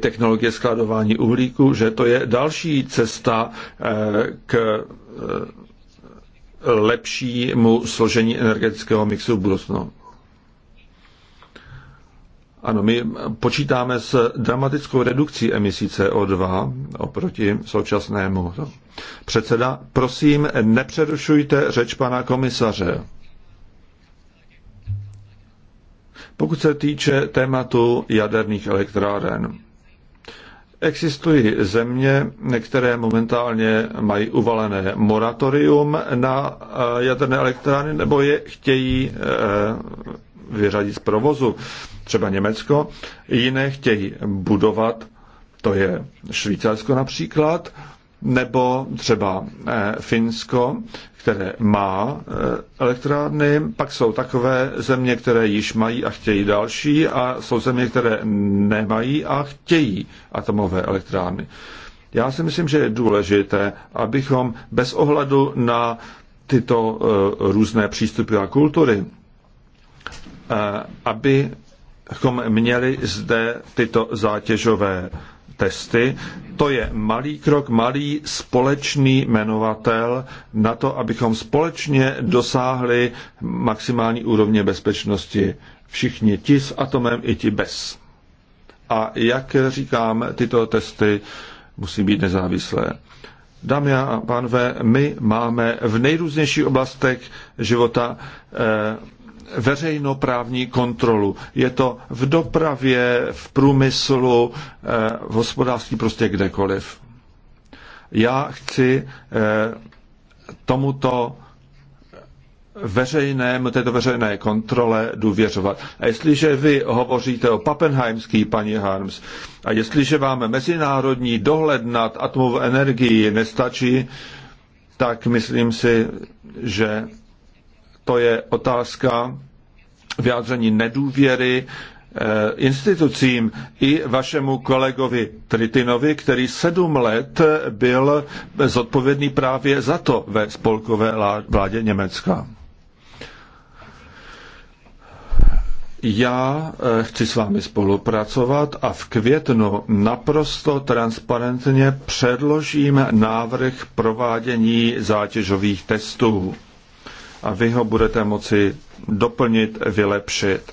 S3: technologie skladování uhlíku, že to je další cesta k lepšímu složení energetického mixu v budoucnu. Ano, my počítáme s dramatickou redukcí emisí CO2 oproti současnému. Předseda, prosím, nepřerušujte řeč pana komisaře. Pokud se týče tématu jaderných elektráren, Existují země, které momentálně mají uvalené moratorium na eh, jaderné elektrárny nebo je chtějí eh, vyřadit z provozu. Třeba Německo, jiné chtějí budovat, to je Švýcarsko například, nebo třeba eh, Finsko, které má eh, elektrárny, pak jsou takové země, které již mají a chtějí další a jsou země, které nemají a chtějí atomové elektrárny. Já si myslím, že je důležité, abychom bez ohledu na tyto eh, různé přístupy a kultury, abychom měli zde tyto zátěžové testy. To je malý krok, malý společný jmenovatel na to, abychom společně dosáhli maximální úrovně bezpečnosti. Všichni ti s atomem i ti bez. A jak říkám, tyto testy musí být nezávislé. Dámy a pánové, my máme v nejrůznějších oblastech života eh, veřejnoprávní kontrolu. Je to v dopravě, v průmyslu, eh, v hospodářství, prostě kdekoliv. Já chci eh, tomuto veřejnému, této veřejné kontrole důvěřovat. A jestliže vy hovoříte o Pappenheimský, paní Harms, a jestliže vám mezinárodní dohled nad atomovou energií nestačí, tak myslím si, že to je otázka vyjádření nedůvěry eh, institucím i vašemu kolegovi Tritinovi, který sedm let byl zodpovědný právě za to ve spolkové vládě Německa. Já eh, chci s vámi spolupracovat a v květnu naprosto transparentně předložím návrh provádění zátěžových testů a vy ho budete moci doplnit, vylepšit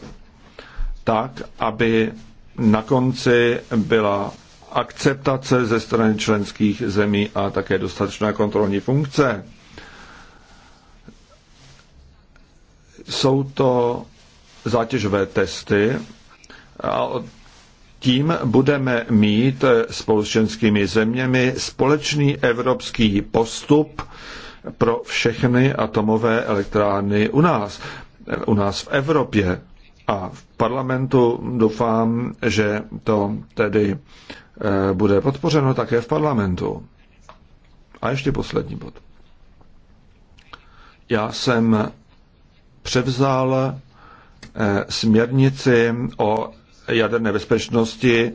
S3: tak, aby na konci byla akceptace ze strany členských zemí a také dostatečná kontrolní funkce. Jsou to zátěžové testy a tím budeme mít spolu s členskými zeměmi společný evropský postup pro všechny atomové elektrárny u nás, u nás v Evropě. A v parlamentu doufám, že to tedy eh, bude podpořeno také v parlamentu. A ještě poslední bod. Já jsem převzal eh, směrnici o jaderné bezpečnosti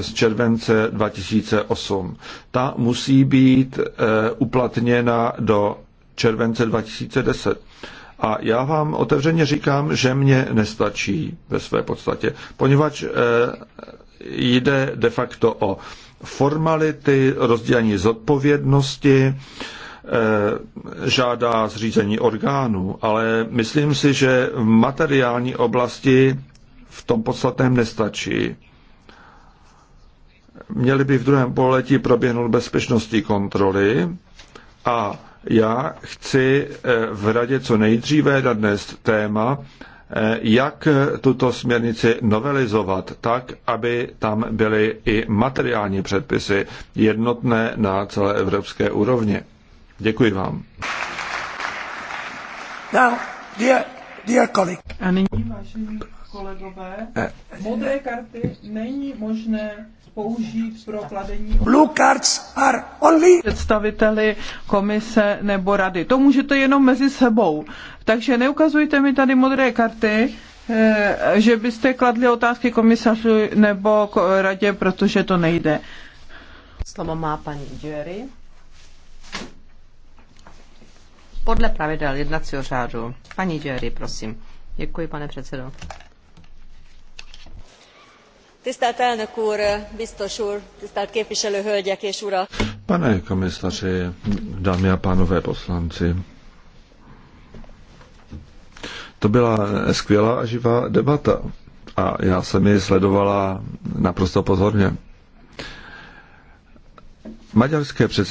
S3: z července 2008. Ta musí být eh, uplatněna do července 2010. A já vám otevřeně říkám, že mě nestačí ve své podstatě, poněvadž eh, jde de facto o formality, rozdělení zodpovědnosti, eh, žádá zřízení orgánů, ale myslím si, že v materiální oblasti v tom podstatném nestačí měly by v druhém pololetí proběhnout bezpečnostní kontroly a já chci eh, v radě co nejdříve na dnes téma, eh, jak tuto směrnici novelizovat tak, aby tam byly i materiální předpisy jednotné na celé evropské úrovni. Děkuji vám.
S2: Now, dear, dear colleague. A nyní, vážení kolegové, modré karty není možné použít pro kladení Blue cards are only... představiteli komise nebo rady. To můžete jenom mezi sebou. Takže neukazujte mi tady modré karty, eh, že byste kladli otázky komisařů nebo radě, protože to nejde.
S1: Slovo má paní Jerry. Podle pravidel jednacího řádu. Paní Jerry, prosím. Děkuji, pane předsedo. Tisztelt elnök úr, biztos úr, tisztelt képviselő hölgyek és urak!
S3: Pane komisaři, dámy a pánové poslanci, to byla skvělá a živá debata a já jsem ji sledovala naprosto pozorně. Maďarské předsednictví